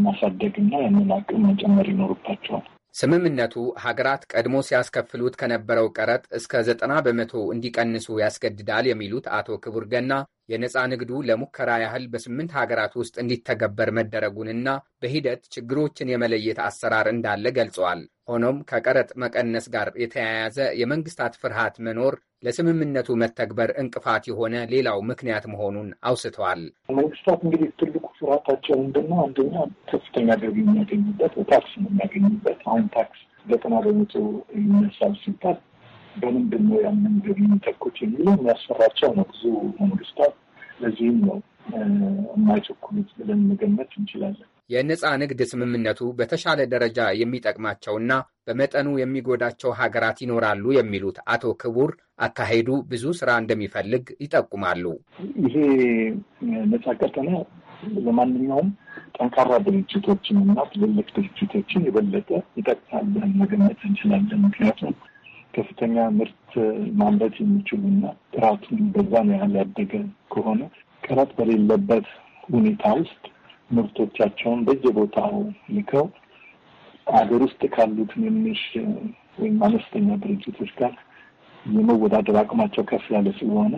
ማሳደግና ያንን አቅም መጨመር ይኖርባቸዋል። ስምምነቱ ሀገራት ቀድሞ ሲያስከፍሉት ከነበረው ቀረጥ እስከ ዘጠና በመቶ እንዲቀንሱ ያስገድዳል የሚሉት አቶ ክቡር ገና የነፃ ንግዱ ለሙከራ ያህል በስምንት ሀገራት ውስጥ እንዲተገበር መደረጉንና በሂደት ችግሮችን የመለየት አሰራር እንዳለ ገልጸዋል። ሆኖም ከቀረጥ መቀነስ ጋር የተያያዘ የመንግስታት ፍርሃት መኖር ለስምምነቱ መተግበር እንቅፋት የሆነ ሌላው ምክንያት መሆኑን አውስተዋል። መንግስታት እንግዲህ ስርዓታቸው ምንድን ነው? አንደኛ ከፍተኛ ገቢ የሚያገኙበት ታክስ የሚያገኙበት አሁን ታክስ ዘጠና በመቶ የሚነሳል ሲባል በምንድን ነው ያንን ገቢ የሚተኩት የሚለው የሚያስፈራቸው ነው ብዙ መንግስታት። ለዚህም ነው የማይቸኩሉት ብለን መገመት እንችላለን። የነፃ ንግድ ስምምነቱ በተሻለ ደረጃ የሚጠቅማቸውና በመጠኑ የሚጎዳቸው ሀገራት ይኖራሉ የሚሉት አቶ ክቡር አካሄዱ ብዙ ስራ እንደሚፈልግ ይጠቁማሉ። ይሄ ነፃ ቀጠና ለማንኛውም ጠንካራ ድርጅቶችን እና ትልልቅ ድርጅቶችን የበለጠ ይጠቅሳል መገመት እንችላለን። ምክንያቱም ከፍተኛ ምርት ማምረት የሚችሉና ጥራቱን በዛን ያህል ያደገ ከሆነ ቀረጥ በሌለበት ሁኔታ ውስጥ ምርቶቻቸውን በየቦታው ልከው አገር ውስጥ ካሉ ትንንሽ ወይም አነስተኛ ድርጅቶች ጋር የመወዳደር አቅማቸው ከፍ ያለ ስለሆነ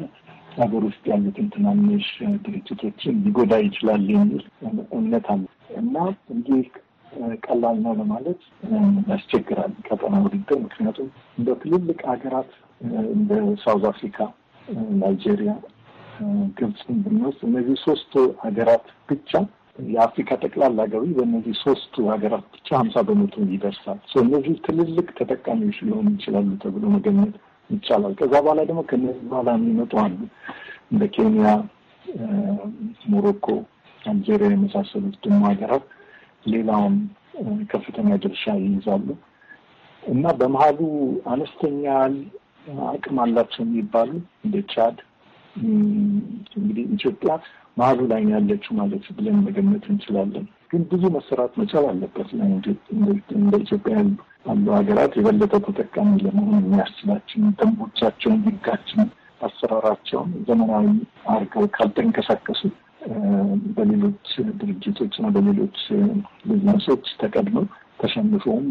ሀገር ውስጥ ያሉትን ትናንሽ ድርጅቶችን ሊጎዳ ይችላል የሚል እምነት አለ እና እንዲህ ቀላል ነው ለማለት ያስቸግራል ቀጠና ውድድር። ምክንያቱም እንደ ትልልቅ ሀገራት እንደ ሳውዝ አፍሪካ፣ ናይጄሪያ፣ ግብፅን ብንወስድ እነዚህ ሶስቱ ሀገራት ብቻ የአፍሪካ ጠቅላላ ገቢ በእነዚህ ሶስቱ ሀገራት ብቻ ሀምሳ በመቶ ይደርሳል። እነዚህ ትልልቅ ተጠቃሚዎች ሊሆኑ ይችላሉ ተብሎ መገመት ይቻላል። ከዛ በኋላ ደግሞ ከነዚህ በኋላ የሚመጡ አሉ እንደ ኬንያ፣ ሞሮኮ፣ አልጄሪያ የመሳሰሉት ደግሞ ሀገራት ሌላውን ከፍተኛ ድርሻ ይይዛሉ እና በመሀሉ አነስተኛ አቅም አላቸው የሚባሉ እንደ ቻድ እንግዲህ ኢትዮጵያ መሀሉ ላይ ያለችው ማለት ብለን መገመት እንችላለን። ግን ብዙ መሰራት መቻል አለበት እንደ ኢትዮጵያ ያሉ ያሉ ሀገራት የበለጠ ተጠቃሚ ለመሆን የሚያስችላችን ደንቦቻቸውን፣ ህጋችን፣ አሰራራቸውን ዘመናዊ አድርገው ካልተንቀሳቀሱ በሌሎች ድርጅቶችና በሌሎች ቢዝነሶች ተቀድመው ተሸንፎም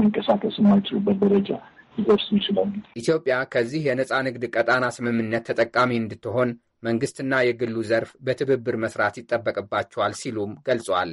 መንቀሳቀስ የማይችሉበት ደረጃ ሊደርሱ ይችላሉ። ኢትዮጵያ ከዚህ የነፃ ንግድ ቀጣና ስምምነት ተጠቃሚ እንድትሆን መንግስትና የግሉ ዘርፍ በትብብር መስራት ይጠበቅባቸዋል ሲሉም ገልጿል።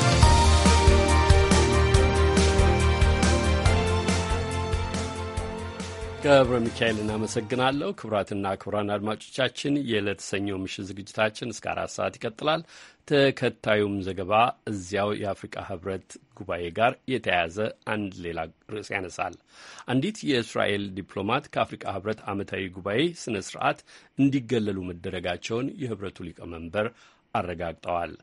ገብረ ሚካኤል እናመሰግናለሁ። ክቡራትና ክቡራን አድማጮቻችን የዕለት ሰኞ ምሽት ዝግጅታችን እስከ አራት ሰዓት ይቀጥላል። ተከታዩም ዘገባ እዚያው የአፍሪቃ ህብረት ጉባኤ ጋር የተያያዘ አንድ ሌላ ርዕስ ያነሳል። አንዲት የእስራኤል ዲፕሎማት ከአፍሪቃ ህብረት ዓመታዊ ጉባኤ ስነ ስርዓት እንዲገለሉ መደረጋቸውን የህብረቱ ሊቀመንበር አረጋግጠዋል።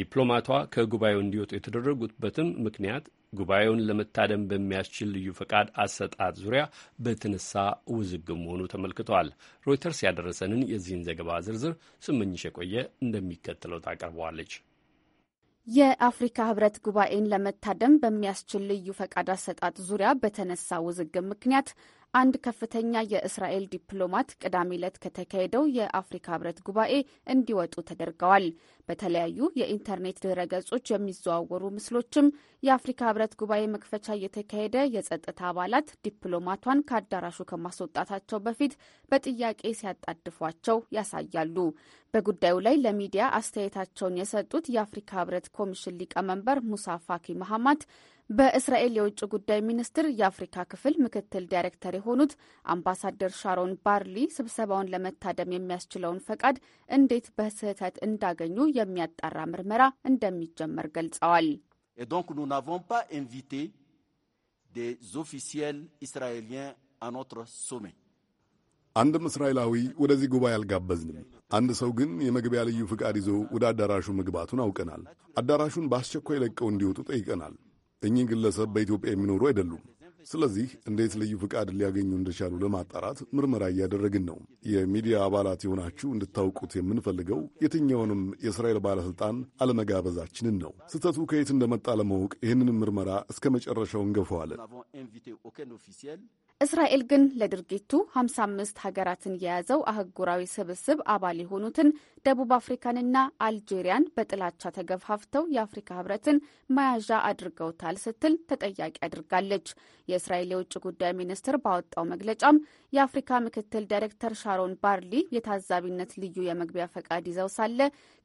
ዲፕሎማቷ ከጉባኤው እንዲወጡ የተደረጉበትም ምክንያት ጉባኤውን ለመታደም በሚያስችል ልዩ ፈቃድ አሰጣጥ ዙሪያ በተነሳ ውዝግብ መሆኑ ተመልክቷል። ሮይተርስ ያደረሰንን የዚህን ዘገባ ዝርዝር ስመኝሽ የቆየ እንደሚከተለው ታቀርበዋለች። የአፍሪካ ህብረት ጉባኤን ለመታደም በሚያስችል ልዩ ፈቃድ አሰጣጥ ዙሪያ በተነሳ ውዝግብ ምክንያት አንድ ከፍተኛ የእስራኤል ዲፕሎማት ቅዳሜ ዕለት ከተካሄደው የአፍሪካ ህብረት ጉባኤ እንዲወጡ ተደርገዋል። በተለያዩ የኢንተርኔት ድህረ-ገጾች የሚዘዋወሩ ምስሎችም የአፍሪካ ህብረት ጉባኤ መክፈቻ እየተካሄደ የጸጥታ አባላት ዲፕሎማቷን ከአዳራሹ ከማስወጣታቸው በፊት በጥያቄ ሲያጣድፏቸው ያሳያሉ። በጉዳዩ ላይ ለሚዲያ አስተያየታቸውን የሰጡት የአፍሪካ ህብረት ኮሚሽን ሊቀመንበር ሙሳ ፋኪ መሐማት በእስራኤል የውጭ ጉዳይ ሚኒስቴር የአፍሪካ ክፍል ምክትል ዳይሬክተር የሆኑት አምባሳደር ሻሮን ባርሊ ስብሰባውን ለመታደም የሚያስችለውን ፈቃድ እንዴት በስህተት እንዳገኙ የሚያጣራ ምርመራ እንደሚጀመር ገልጸዋል። አንድም እስራኤላዊ ወደዚህ ጉባኤ አልጋበዝንም። አንድ ሰው ግን የመግቢያ ልዩ ፍቃድ ይዞ ወደ አዳራሹ መግባቱን አውቀናል። አዳራሹን በአስቸኳይ ለቀው እንዲወጡ ጠይቀናል። እኚህ ግለሰብ በኢትዮጵያ የሚኖሩ አይደሉም። ስለዚህ እንዴት ልዩ ፍቃድ ሊያገኙ እንደቻሉ ለማጣራት ምርመራ እያደረግን ነው። የሚዲያ አባላት የሆናችሁ እንድታውቁት የምንፈልገው የትኛውንም የእስራኤል ባለሥልጣን አለመጋበዛችንን ነው። ስህተቱ ከየት እንደመጣ ለማወቅ ይህንንም ምርመራ እስከ መጨረሻው እንገፈዋለን። እስራኤል ግን ለድርጊቱ 55 ሀገራትን የያዘው አህጉራዊ ስብስብ አባል የሆኑትን ደቡብ አፍሪካንና አልጄሪያን በጥላቻ ተገፋፍተው የአፍሪካ ህብረትን መያዣ አድርገውታል ስትል ተጠያቂ አድርጋለች። የእስራኤል የውጭ ጉዳይ ሚኒስትር ባወጣው መግለጫም የአፍሪካ ምክትል ዳይሬክተር ሻሮን ባርሊ የታዛቢነት ልዩ የመግቢያ ፈቃድ ይዘው ሳለ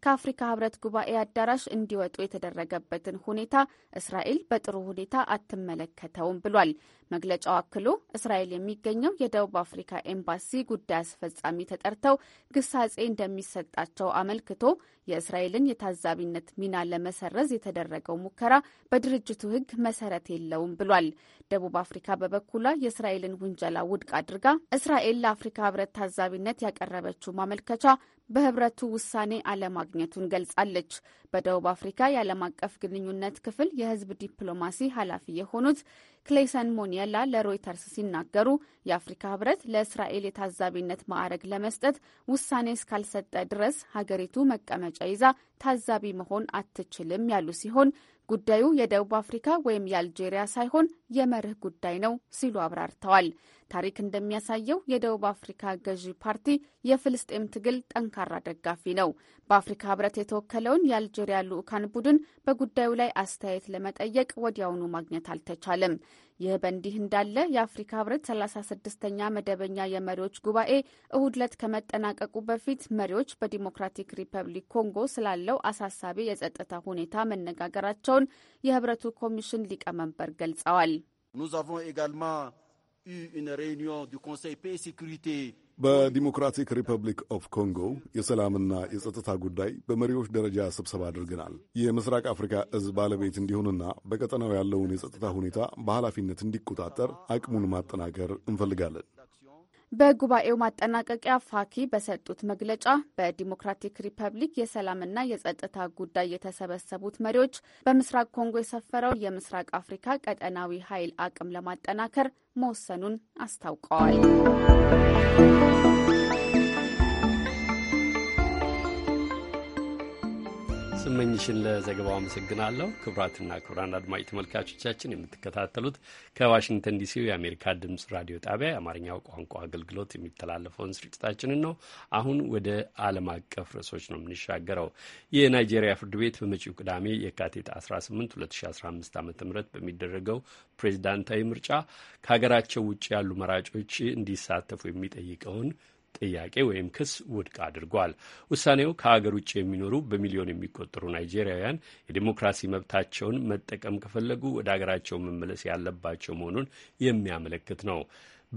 ከአፍሪካ ህብረት ጉባኤ አዳራሽ እንዲወጡ የተደረገበትን ሁኔታ እስራኤል በጥሩ ሁኔታ አትመለከተውም ብሏል። መግለጫው አክሎ እስራኤል የሚገኘው የደቡብ አፍሪካ ኤምባሲ ጉዳይ አስፈጻሚ ተጠርተው ግሳጼ እንደሚሰጣቸው መሆናቸው አመልክቶ የእስራኤልን የታዛቢነት ሚና ለመሰረዝ የተደረገው ሙከራ በድርጅቱ ሕግ መሰረት የለውም ብሏል። ደቡብ አፍሪካ በበኩሏ የእስራኤልን ውንጀላ ውድቅ አድርጋ እስራኤል ለአፍሪካ ሕብረት ታዛቢነት ያቀረበችው ማመልከቻ በህብረቱ ውሳኔ አለማግኘቱን ገልጻለች። በደቡብ አፍሪካ የዓለም አቀፍ ግንኙነት ክፍል የህዝብ ዲፕሎማሲ ኃላፊ የሆኑት ክሌሰን ሞኒየላ ለሮይተርስ ሲናገሩ የአፍሪካ ህብረት ለእስራኤል የታዛቢነት ማዕረግ ለመስጠት ውሳኔ እስካልሰጠ ድረስ ሀገሪቱ መቀመጫ ይዛ ታዛቢ መሆን አትችልም ያሉ ሲሆን ጉዳዩ የደቡብ አፍሪካ ወይም የአልጄሪያ ሳይሆን የመርህ ጉዳይ ነው ሲሉ አብራርተዋል። ታሪክ እንደሚያሳየው የደቡብ አፍሪካ ገዢ ፓርቲ የፍልስጤም ትግል ጠንካራ ደጋፊ ነው። በአፍሪካ ህብረት የተወከለውን የአልጄሪያ ልዑካን ቡድን በጉዳዩ ላይ አስተያየት ለመጠየቅ ወዲያውኑ ማግኘት አልተቻለም። ይህ በእንዲህ እንዳለ የአፍሪካ ህብረት 36ኛ መደበኛ የመሪዎች ጉባኤ እሁድ ዕለት ከመጠናቀቁ በፊት መሪዎች በዲሞክራቲክ ሪፐብሊክ ኮንጎ ስላለው አሳሳቢ የጸጥታ ሁኔታ መነጋገራቸውን የህብረቱ ኮሚሽን ሊቀመንበር ገልጸዋል። በዲሞክራቲክ ሪፐብሊክ ኦፍ ኮንጎ የሰላምና የጸጥታ ጉዳይ በመሪዎች ደረጃ ስብሰባ አድርገናል። የምስራቅ አፍሪካ እዝ ባለቤት እንዲሆንና በቀጠናው ያለውን የጸጥታ ሁኔታ በኃላፊነት እንዲቆጣጠር አቅሙን ማጠናከር እንፈልጋለን። በጉባኤው ማጠናቀቂያ ፋኪ በሰጡት መግለጫ በዲሞክራቲክ ሪፐብሊክ የሰላምና የጸጥታ ጉዳይ የተሰበሰቡት መሪዎች በምስራቅ ኮንጎ የሰፈረው የምስራቅ አፍሪካ ቀጠናዊ ኃይል አቅም ለማጠናከር መወሰኑን አስታውቀዋል። ስመኝሽን ለዘገባው አመሰግናለሁ። ክቡራትና ክቡራን አድማጭ ተመልካቾቻችን የምትከታተሉት ከዋሽንግተን ዲሲው የአሜሪካ ድምፅ ራዲዮ ጣቢያ የአማርኛው ቋንቋ አገልግሎት የሚተላለፈውን ስርጭታችንን ነው። አሁን ወደ ዓለም አቀፍ ርዕሶች ነው የምንሻገረው። የናይጄሪያ ፍርድ ቤት በመጪው ቅዳሜ የካቲት 18 2015 ዓ ም በሚደረገው ፕሬዚዳንታዊ ምርጫ ከሀገራቸው ውጭ ያሉ መራጮች እንዲሳተፉ የሚጠይቀውን ጥያቄ ወይም ክስ ውድቅ አድርጓል። ውሳኔው ከሀገር ውጭ የሚኖሩ በሚሊዮን የሚቆጠሩ ናይጄሪያውያን የዲሞክራሲ መብታቸውን መጠቀም ከፈለጉ ወደ ሀገራቸው መመለስ ያለባቸው መሆኑን የሚያመለክት ነው።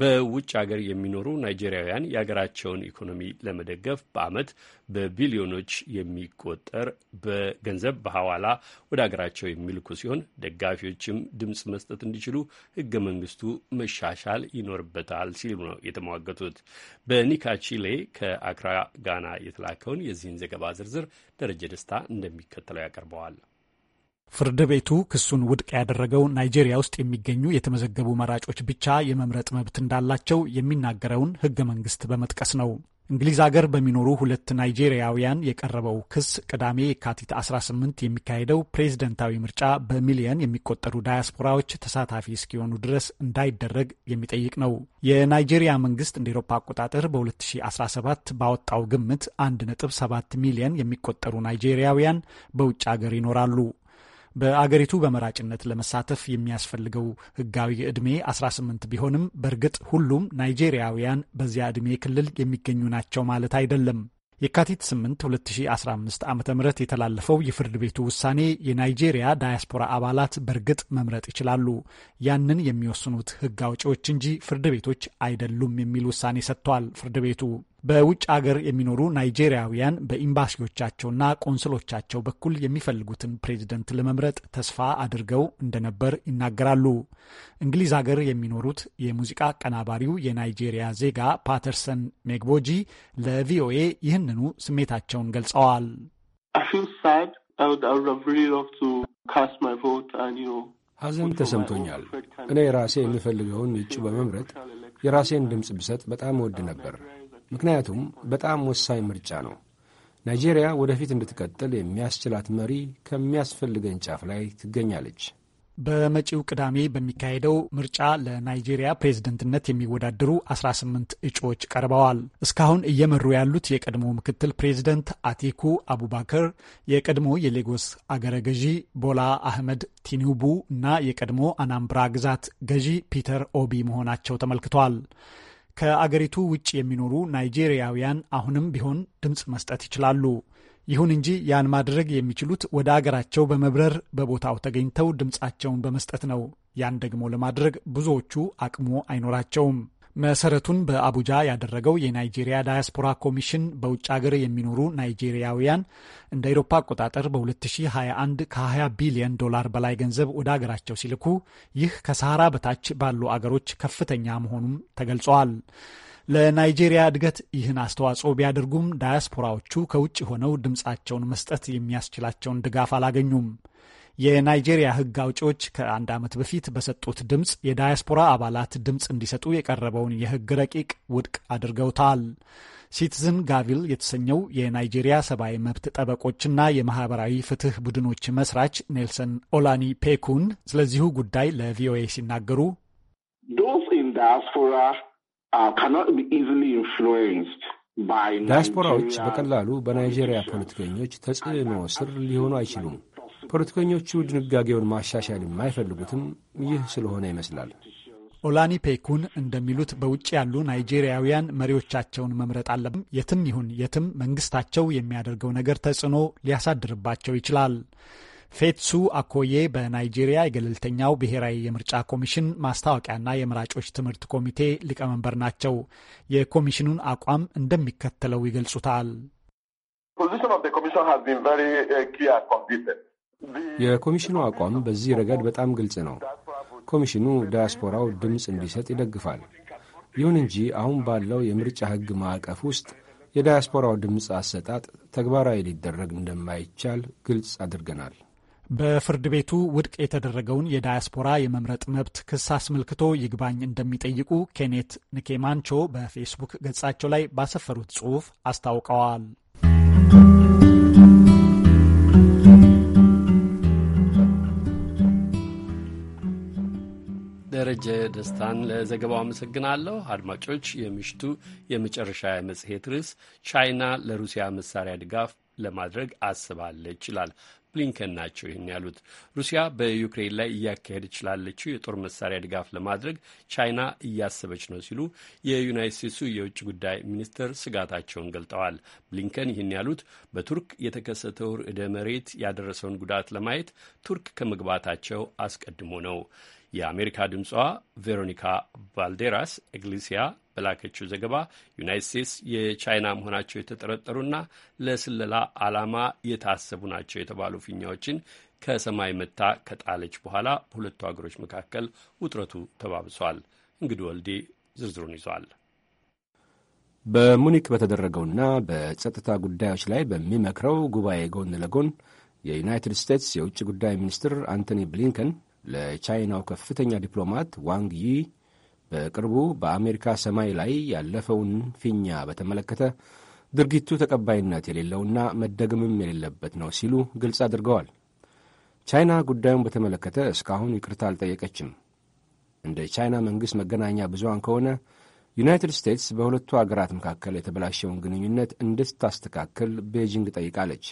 በውጭ አገር የሚኖሩ ናይጄሪያውያን የሀገራቸውን ኢኮኖሚ ለመደገፍ በአመት በቢሊዮኖች የሚቆጠር በገንዘብ በሐዋላ ወደ አገራቸው የሚልኩ ሲሆን ደጋፊዎችም ድምፅ መስጠት እንዲችሉ ህገ መንግስቱ መሻሻል ይኖርበታል ሲሉ ነው የተሟገቱት። በኒካቺሌ ከአክራ ጋና የተላከውን የዚህን ዘገባ ዝርዝር ደረጀ ደስታ እንደሚከተለው ያቀርበዋል። ፍርድ ቤቱ ክሱን ውድቅ ያደረገው ናይጄሪያ ውስጥ የሚገኙ የተመዘገቡ መራጮች ብቻ የመምረጥ መብት እንዳላቸው የሚናገረውን ህገ መንግስት በመጥቀስ ነው። እንግሊዝ አገር በሚኖሩ ሁለት ናይጄሪያውያን የቀረበው ክስ ቅዳሜ የካቲት 18 የሚካሄደው ፕሬዝደንታዊ ምርጫ በሚሊየን የሚቆጠሩ ዳያስፖራዎች ተሳታፊ እስኪሆኑ ድረስ እንዳይደረግ የሚጠይቅ ነው። የናይጄሪያ መንግስት እንደ ኤሮፓ አቆጣጠር በ2017 ባወጣው ግምት 1.7 ሚሊየን የሚቆጠሩ ናይጄሪያውያን በውጭ አገር ይኖራሉ። በአገሪቱ በመራጭነት ለመሳተፍ የሚያስፈልገው ህጋዊ ዕድሜ 18 ቢሆንም በእርግጥ ሁሉም ናይጄሪያውያን በዚያ ዕድሜ ክልል የሚገኙ ናቸው ማለት አይደለም። የካቲት 8 2015 ዓ ም የተላለፈው የፍርድ ቤቱ ውሳኔ የናይጄሪያ ዳያስፖራ አባላት በእርግጥ መምረጥ ይችላሉ፣ ያንን የሚወስኑት ህግ አውጪዎች እንጂ ፍርድ ቤቶች አይደሉም የሚል ውሳኔ ሰጥቷል ፍርድ ቤቱ። በውጭ አገር የሚኖሩ ናይጄሪያውያን በኤምባሲዎቻቸውና ቆንስሎቻቸው በኩል የሚፈልጉትን ፕሬዝደንት ለመምረጥ ተስፋ አድርገው እንደነበር ይናገራሉ። እንግሊዝ አገር የሚኖሩት የሙዚቃ አቀናባሪው የናይጄሪያ ዜጋ ፓተርሰን ሜግቦጂ ለቪኦኤ ይህንኑ ስሜታቸውን ገልጸዋል። ሐዘን ተሰምቶኛል። እኔ ራሴ የምፈልገውን እጩ በመምረጥ የራሴን ድምፅ ብሰጥ በጣም ወድ ነበር ምክንያቱም በጣም ወሳኝ ምርጫ ነው። ናይጄሪያ ወደፊት እንድትቀጥል የሚያስችላት መሪ ከሚያስፈልገን ጫፍ ላይ ትገኛለች። በመጪው ቅዳሜ በሚካሄደው ምርጫ ለናይጄሪያ ፕሬዝደንትነት የሚወዳደሩ 18 እጩዎች ቀርበዋል። እስካሁን እየመሩ ያሉት የቀድሞ ምክትል ፕሬዝደንት አቲኩ አቡባከር፣ የቀድሞ የሌጎስ አገረ ገዢ ቦላ አህመድ ቲኒቡ እና የቀድሞ አናምብራ ግዛት ገዢ ፒተር ኦቢ መሆናቸው ተመልክቷል። ከአገሪቱ ውጭ የሚኖሩ ናይጄሪያውያን አሁንም ቢሆን ድምፅ መስጠት ይችላሉ። ይሁን እንጂ ያን ማድረግ የሚችሉት ወደ አገራቸው በመብረር በቦታው ተገኝተው ድምፃቸውን በመስጠት ነው። ያን ደግሞ ለማድረግ ብዙዎቹ አቅሙ አይኖራቸውም። መሰረቱን በአቡጃ ያደረገው የናይጄሪያ ዳያስፖራ ኮሚሽን በውጭ ሀገር የሚኖሩ ናይጄሪያውያን እንደ አውሮፓ አቆጣጠር በ2021 ከ20 ቢሊዮን ዶላር በላይ ገንዘብ ወደ አገራቸው ሲልኩ ይህ ከሰሃራ በታች ባሉ አገሮች ከፍተኛ መሆኑም ተገልጿል። ለናይጄሪያ እድገት ይህን አስተዋጽኦ ቢያደርጉም ዳያስፖራዎቹ ከውጭ ሆነው ድምፃቸውን መስጠት የሚያስችላቸውን ድጋፍ አላገኙም። የናይጄሪያ ሕግ አውጪዎች ከአንድ ዓመት በፊት በሰጡት ድምፅ የዳያስፖራ አባላት ድምፅ እንዲሰጡ የቀረበውን የሕግ ረቂቅ ውድቅ አድርገውታል። ሲቲዝን ጋቪል የተሰኘው የናይጄሪያ ሰብአዊ መብት ጠበቆችና የማህበራዊ ፍትህ ቡድኖች መስራች ኔልሰን ኦላኒ ፔኩን ስለዚሁ ጉዳይ ለቪኦኤ ሲናገሩ uh, ዳያስፖራዎች በቀላሉ በናይጄሪያ ፖለቲከኞች ተጽዕኖ ስር ሊሆኑ አይችሉም። ፖለቲከኞቹ ድንጋጌውን ማሻሻል የማይፈልጉትም ይህ ስለሆነ ይመስላል። ኦላኒ ፔኩን እንደሚሉት በውጭ ያሉ ናይጄሪያውያን መሪዎቻቸውን መምረጥ አለም። የትም ይሁን የትም መንግስታቸው የሚያደርገው ነገር ተጽዕኖ ሊያሳድርባቸው ይችላል። ፌትሱ አኮዬ በናይጄሪያ የገለልተኛው ብሔራዊ የምርጫ ኮሚሽን ማስታወቂያና የመራጮች ትምህርት ኮሚቴ ሊቀመንበር ናቸው። የኮሚሽኑን አቋም እንደሚከተለው ይገልጹታል። የኮሚሽኑ አቋም በዚህ ረገድ በጣም ግልጽ ነው። ኮሚሽኑ ዳያስፖራው ድምፅ እንዲሰጥ ይደግፋል። ይሁን እንጂ አሁን ባለው የምርጫ ሕግ ማዕቀፍ ውስጥ የዳያስፖራው ድምፅ አሰጣጥ ተግባራዊ ሊደረግ እንደማይቻል ግልጽ አድርገናል። በፍርድ ቤቱ ውድቅ የተደረገውን የዳያስፖራ የመምረጥ መብት ክስ አስመልክቶ ይግባኝ እንደሚጠይቁ ኬኔት ንኬማንቾ በፌስቡክ ገጻቸው ላይ ባሰፈሩት ጽሑፍ አስታውቀዋል። ደረጀ ደስታን ለዘገባው አመሰግናለሁ። አድማጮች፣ የምሽቱ የመጨረሻ የመጽሔት ርዕስ ቻይና ለሩሲያ መሳሪያ ድጋፍ ለማድረግ አስባለች ይላል። ብሊንከን ናቸው ይህን ያሉት። ሩሲያ በዩክሬን ላይ እያካሄድ ችላለችው የጦር መሳሪያ ድጋፍ ለማድረግ ቻይና እያሰበች ነው ሲሉ የዩናይት ስቴትሱ የውጭ ጉዳይ ሚኒስትር ስጋታቸውን ገልጠዋል። ብሊንከን ይህን ያሉት በቱርክ የተከሰተው ርዕደ መሬት ያደረሰውን ጉዳት ለማየት ቱርክ ከመግባታቸው አስቀድሞ ነው። የአሜሪካ ድምጿ ቬሮኒካ ቫልዴራስ ኤግሊሲያ በላከችው ዘገባ ዩናይት ስቴትስ የቻይና መሆናቸው የተጠረጠሩና ለስለላ ዓላማ የታሰቡ ናቸው የተባሉ ፊኛዎችን ከሰማይ መታ ከጣለች በኋላ በሁለቱ ሀገሮች መካከል ውጥረቱ ተባብሷል። እንግዲህ ወልዴ ዝርዝሩን ይዟል። በሙኒክ በተደረገውና በጸጥታ ጉዳዮች ላይ በሚመክረው ጉባኤ ጎን ለጎን የዩናይትድ ስቴትስ የውጭ ጉዳይ ሚኒስትር አንቶኒ ብሊንከን ለቻይናው ከፍተኛ ዲፕሎማት ዋንግ ይ በቅርቡ በአሜሪካ ሰማይ ላይ ያለፈውን ፊኛ በተመለከተ ድርጊቱ ተቀባይነት የሌለውና መደገምም የሌለበት ነው ሲሉ ግልጽ አድርገዋል። ቻይና ጉዳዩን በተመለከተ እስካሁን ይቅርታ አልጠየቀችም። እንደ ቻይና መንግሥት መገናኛ ብዙሃን ከሆነ ዩናይትድ ስቴትስ በሁለቱ አገራት መካከል የተበላሸውን ግንኙነት እንድታስተካክል ቤጂንግ ጠይቃለች።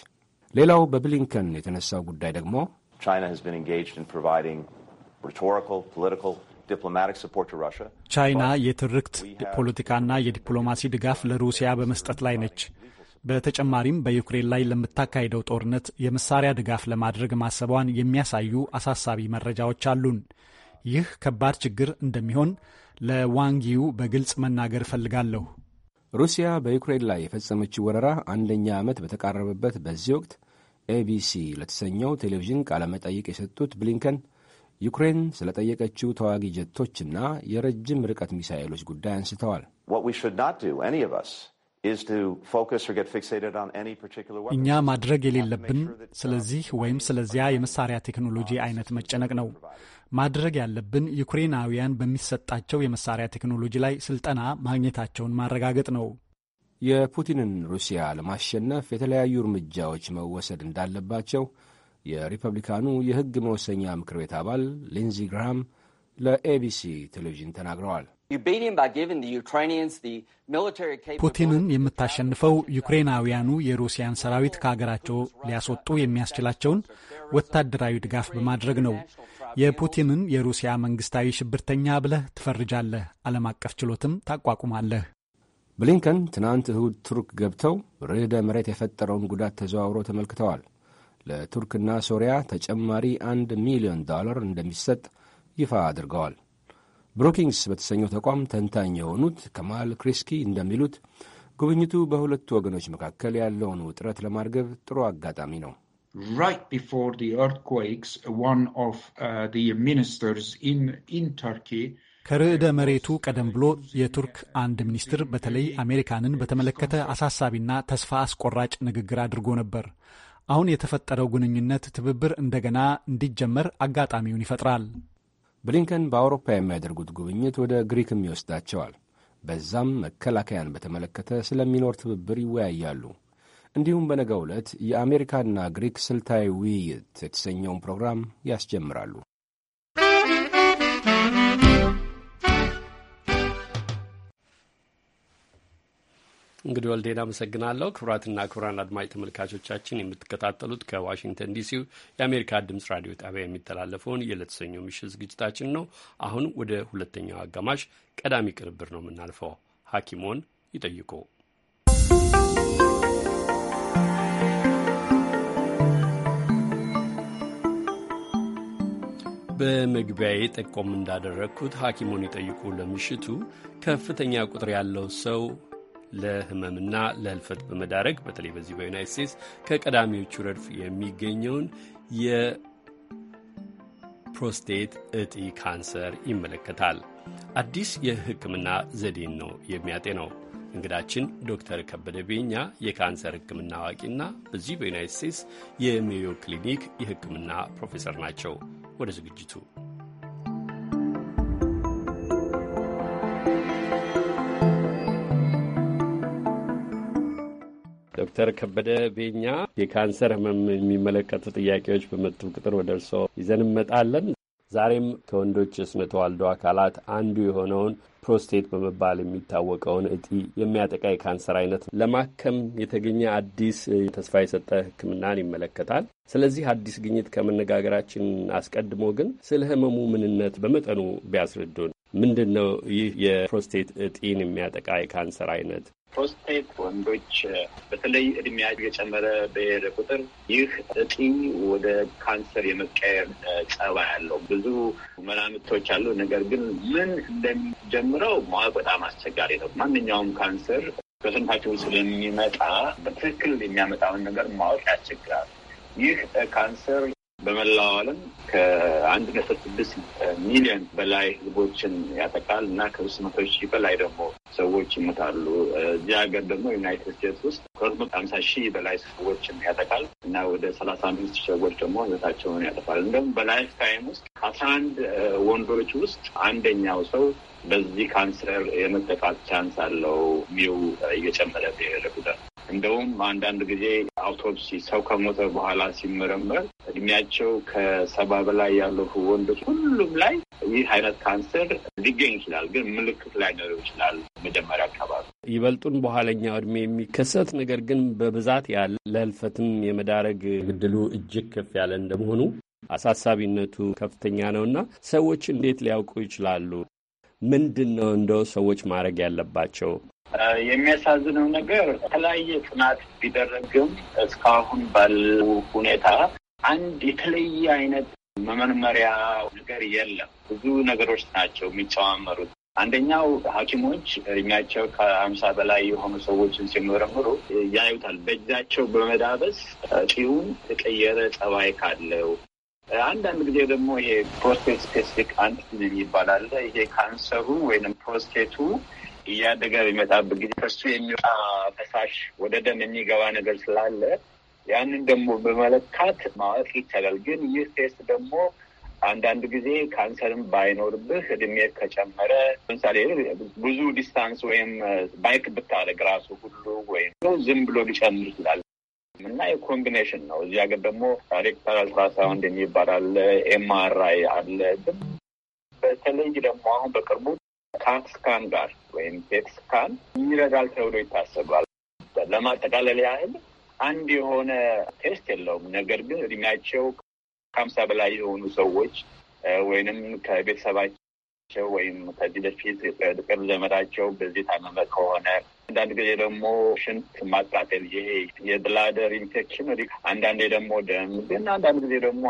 ሌላው በብሊንከን የተነሳው ጉዳይ ደግሞ ቻይና የትርክት ፖለቲካና የዲፕሎማሲ ድጋፍ ለሩሲያ በመስጠት ላይ ነች። በተጨማሪም በዩክሬን ላይ ለምታካሄደው ጦርነት የመሳሪያ ድጋፍ ለማድረግ ማሰቧን የሚያሳዩ አሳሳቢ መረጃዎች አሉን። ይህ ከባድ ችግር እንደሚሆን ለዋንጊው በግልጽ መናገር እፈልጋለሁ። ሩሲያ በዩክሬን ላይ የፈጸመችው ወረራ አንደኛ ዓመት በተቃረበበት በዚህ ወቅት ኤቢሲ ለተሰኘው ቴሌቪዥን ቃለ መጠይቅ የሰጡት ብሊንከን ዩክሬን ስለጠየቀችው ተዋጊ ጀቶችና የረጅም ርቀት ሚሳኤሎች ጉዳይ አንስተዋል። እኛ ማድረግ የሌለብን ስለዚህ ወይም ስለዚያ የመሳሪያ ቴክኖሎጂ አይነት መጨነቅ ነው። ማድረግ ያለብን ዩክሬናውያን በሚሰጣቸው የመሳሪያ ቴክኖሎጂ ላይ ስልጠና ማግኘታቸውን ማረጋገጥ ነው። የፑቲንን ሩሲያ ለማሸነፍ የተለያዩ እርምጃዎች መወሰድ እንዳለባቸው የሪፐብሊካኑ የሕግ መወሰኛ ምክር ቤት አባል ሊንዚ ግራሃም ለኤቢሲ ቴሌቪዥን ተናግረዋል። ፑቲንን የምታሸንፈው ዩክሬናውያኑ የሩሲያን ሰራዊት ከሀገራቸው ሊያስወጡ የሚያስችላቸውን ወታደራዊ ድጋፍ በማድረግ ነው። የፑቲንን የሩሲያ መንግስታዊ ሽብርተኛ ብለህ ትፈርጃለህ፣ ዓለም አቀፍ ችሎትም ታቋቁማለህ። ብሊንከን ትናንት እሁድ ቱርክ ገብተው ርዕደ መሬት የፈጠረውን ጉዳት ተዘዋውረው ተመልክተዋል። ለቱርክና ሶሪያ ተጨማሪ አንድ ሚሊዮን ዶላር እንደሚሰጥ ይፋ አድርገዋል። ብሮኪንግስ በተሰኘው ተቋም ተንታኝ የሆኑት ከማል ክሪስኪ እንደሚሉት ጉብኝቱ በሁለቱ ወገኖች መካከል ያለውን ውጥረት ለማርገብ ጥሩ አጋጣሚ ነው። right before the earthquakes, one of uh, the ministers in, in Turkey ከርዕደ መሬቱ ቀደም ብሎ የቱርክ አንድ ሚኒስትር በተለይ አሜሪካንን በተመለከተ አሳሳቢና ተስፋ አስቆራጭ ንግግር አድርጎ ነበር። አሁን የተፈጠረው ግንኙነት ትብብር እንደገና እንዲጀመር አጋጣሚውን ይፈጥራል። ብሊንከን በአውሮፓ የሚያደርጉት ጉብኝት ወደ ግሪክም ይወስዳቸዋል። በዛም መከላከያን በተመለከተ ስለሚኖር ትብብር ይወያያሉ። እንዲሁም በነገው ዕለት የአሜሪካና ግሪክ ስልታዊ ውይይት የተሰኘውን ፕሮግራም ያስጀምራሉ። እንግዲህ ወልዴን አመሰግናለሁ። ክቡራትና ክቡራን አድማጭ ተመልካቾቻችን የምትከታተሉት ከዋሽንግተን ዲሲው የአሜሪካ ድምፅ ራዲዮ ጣቢያ የሚተላለፈውን የዕለተ ሰኞ ምሽት ዝግጅታችን ነው። አሁን ወደ ሁለተኛው አጋማሽ ቀዳሚ ቅንብር ነው የምናልፈው። ሐኪሞን ይጠይቁ በመግቢያዬ ጠቆም እንዳደረግኩት ሐኪሙን ይጠይቁ ለምሽቱ ከፍተኛ ቁጥር ያለው ሰው ለህመምና ለህልፈት በመዳረግ በተለይ በዚህ በዩናይት ስቴትስ ከቀዳሚዎቹ ረድፍ የሚገኘውን የፕሮስቴት እጢ ካንሰር ይመለከታል። አዲስ የህክምና ዘዴን ነው የሚያጤነው። እንግዳችን ዶክተር ከበደ ቤኛ የካንሰር ህክምና አዋቂና በዚህ በዩናይት ስቴትስ የሜዮ ክሊኒክ የህክምና ፕሮፌሰር ናቸው። ወደ ዝግጅቱ ዶክተር ከበደ ቤኛ የካንሰር ህመም የሚመለከቱ ጥያቄዎች በመጡ ቁጥር ወደ እርስዎ ይዘን እንመጣለን። ዛሬም ከወንዶች የስነ ተዋልዶ አካላት አንዱ የሆነውን ፕሮስቴት በመባል የሚታወቀውን እጢ የሚያጠቃ የካንሰር አይነት ለማከም የተገኘ አዲስ ተስፋ የሰጠ ሕክምናን ይመለከታል። ስለዚህ አዲስ ግኝት ከመነጋገራችን አስቀድሞ ግን ስለ ህመሙ ምንነት በመጠኑ ቢያስረዱን። ምንድን ነው ይህ የፕሮስቴት እጢን የሚያጠቃ የካንሰር አይነት? ፕሮስቴት ወንዶች በተለይ እድሜያ የጨመረ በሄደ ቁጥር ይህ እጢ ወደ ካንሰር የመቀየር ጸባ ያለው ብዙ መላምቶች አሉ። ነገር ግን ምን እንደሚጀምረው ማወቅ በጣም አስቸጋሪ ነው። ማንኛውም ካንሰር በሰውነታችን ስለሚመጣ በትክክል የሚያመጣውን ነገር ማወቅ ያስቸግራል። ይህ ካንሰር በመላው ዓለም ከአንድ ነጥብ ስድስት ሚሊዮን በላይ ህዝቦችን ያጠቃል እና ከሶስት መቶ ሺህ በላይ ደግሞ ሰዎች ይሞታሉ። እዚህ ሀገር ደግሞ ዩናይትድ ስቴትስ ውስጥ ከሁለት መቶ ሀምሳ ሺህ በላይ ሰዎችን ያጠቃል እና ወደ ሰላሳ አምስት ሰዎች ደግሞ ህይወታቸውን ያጠፋል። እንደውም በላይፍ ታይም ውስጥ ከአስራ አንድ ወንዶች ውስጥ አንደኛው ሰው በዚህ ካንሰር የመጠቃት ቻንስ አለው ሚው እየጨመረ ብሄረ እንደውም አንዳንድ ጊዜ አውቶፕሲ ሰው ከሞተ በኋላ ሲመረመር እድሜያቸው ከሰባ በላይ ያለፉ ወንዶች ሁሉም ላይ ይህ አይነት ካንሰር ሊገኝ ይችላል፣ ግን ምልክት ላይኖረው ይችላል መጀመሪያ አካባቢ ይበልጡን በኋለኛው እድሜ የሚከሰት ነገር ግን በብዛት ያለ ለህልፈትም የመዳረግ ግድሉ እጅግ ከፍ ያለ እንደመሆኑ አሳሳቢነቱ ከፍተኛ ነውና ሰዎች እንዴት ሊያውቁ ይችላሉ? ምንድን ነው እንደው ሰዎች ማድረግ ያለባቸው? የሚያሳዝነው ነገር የተለያየ ጥናት ቢደረግም እስካሁን ባለው ሁኔታ አንድ የተለየ አይነት መመርመሪያ ነገር የለም። ብዙ ነገሮች ናቸው የሚጨማመሩት። አንደኛው ሐኪሞች እድሜያቸው ከአምሳ በላይ የሆኑ ሰዎችን ሲመረምሩ ያዩታል። በእጃቸው በመዳበስ ጢውን ተቀየረ ጸባይ ካለው አንዳንድ ጊዜ ደግሞ ይሄ ፕሮስቴት ስፔሲፊክ አንቲጂን የሚባል ይሄ ካንሰሩ ወይም ፕሮስቴቱ እያደገ በሚመጣበት ጊዜ ከሱ የሚወጣ ፈሳሽ ወደ ደም የሚገባ ነገር ስላለ ያንን ደግሞ በመለካት ማወቅ ይቻላል። ግን ይህ ቴስት ደግሞ አንዳንድ ጊዜ ካንሰርም ባይኖርብህ እድሜ ከጨመረ ለምሳሌ ብዙ ዲስታንስ ወይም ባይክ ብታደረግ ራሱ ሁሉ ወይም ዝም ብሎ ሊጨምር ይችላል እና የኮምቢኔሽን ነው። እዚህ ሀገር ደግሞ ሬክታል አልትራሳውንድ የሚባል አለ፣ ኤምአርአይ አለ። በተለይ ደግሞ አሁን በቅርቡ ካት ስካን ጋር ወይም ፔት ስካን ይረዳል ተብሎ ይታሰባል። ለማጠቃለል ያህል አንድ የሆነ ቴስት የለውም። ነገር ግን እድሜያቸው ከሀምሳ በላይ የሆኑ ሰዎች ወይንም ከቤተሰባቸው ወይም ከዚህ በፊት ቅርብ ዘመዳቸው በዚህ ታመመ ከሆነ አንዳንድ ጊዜ ደግሞ ሽንት ማቃጠል ይሄ የብላደር ኢንፌክሽን፣ አንዳንዴ ደግሞ ደም ግን አንዳንድ ጊዜ ደግሞ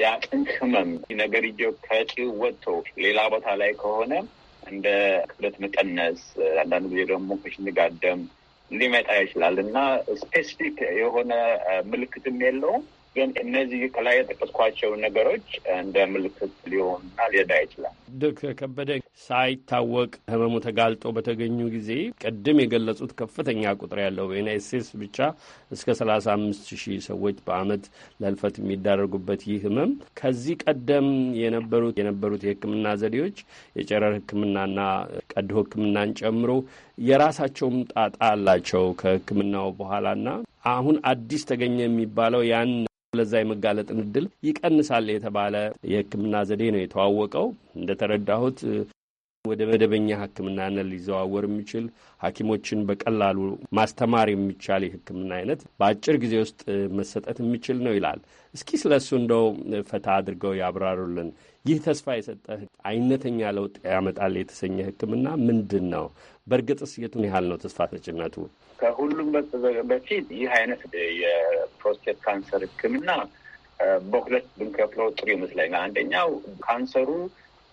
የአጥንት ህመም ነገር ነገርየው ከጭ ወጥቶ ሌላ ቦታ ላይ ከሆነ እንደ ክብደት መቀነስ፣ አንዳንድ ጊዜ ደግሞ ሽንጋደም ሊመጣ ይችላል እና ስፔሲፊክ የሆነ ምልክትም የለውም። ግን እነዚህ ከላይ የጠቀስኳቸው ነገሮች እንደ ምልክት ሊሆንና ሊረዳ ይችላል። ዶክተር ከበደ ሳይታወቅ ህመሙ ተጋልጦ በተገኙ ጊዜ ቅድም የገለጹት ከፍተኛ ቁጥር ያለው በዩናይት ስቴትስ ብቻ እስከ ሰላሳ አምስት ሺህ ሰዎች በአመት ለልፈት የሚዳረጉበት ይህ ህመም ከዚህ ቀደም የነበሩት የነበሩት የህክምና ዘዴዎች የጨረር ህክምናና ቀዶ ህክምናን ጨምሮ የራሳቸውም ጣጣ አላቸው ከህክምናው በኋላና አሁን አዲስ ተገኘ የሚባለው ያን ለዛ የመጋለጥን እድል ይቀንሳል የተባለ የሕክምና ዘዴ ነው የተዋወቀው። እንደተረዳሁት ወደ መደበኛ ሕክምናነት ሊዘዋወር የሚችል ሐኪሞችን በቀላሉ ማስተማር የሚቻል የሕክምና አይነት በአጭር ጊዜ ውስጥ መሰጠት የሚችል ነው ይላል። እስኪ ስለ እሱ እንደው ፈታ አድርገው ያብራሩልን። ይህ ተስፋ የሰጠ አይነተኛ ለውጥ ያመጣል የተሰኘ ሕክምና ምንድን ነው? በእርግጥስ የቱን ያህል ነው ተስፋ ሰጭነቱ? ከሁሉም በፊት ይህ አይነት የፕሮስቴት ካንሰር ሕክምና በሁለት ብንከፍለው ጥሩ ይመስለኛል። አንደኛው ካንሰሩ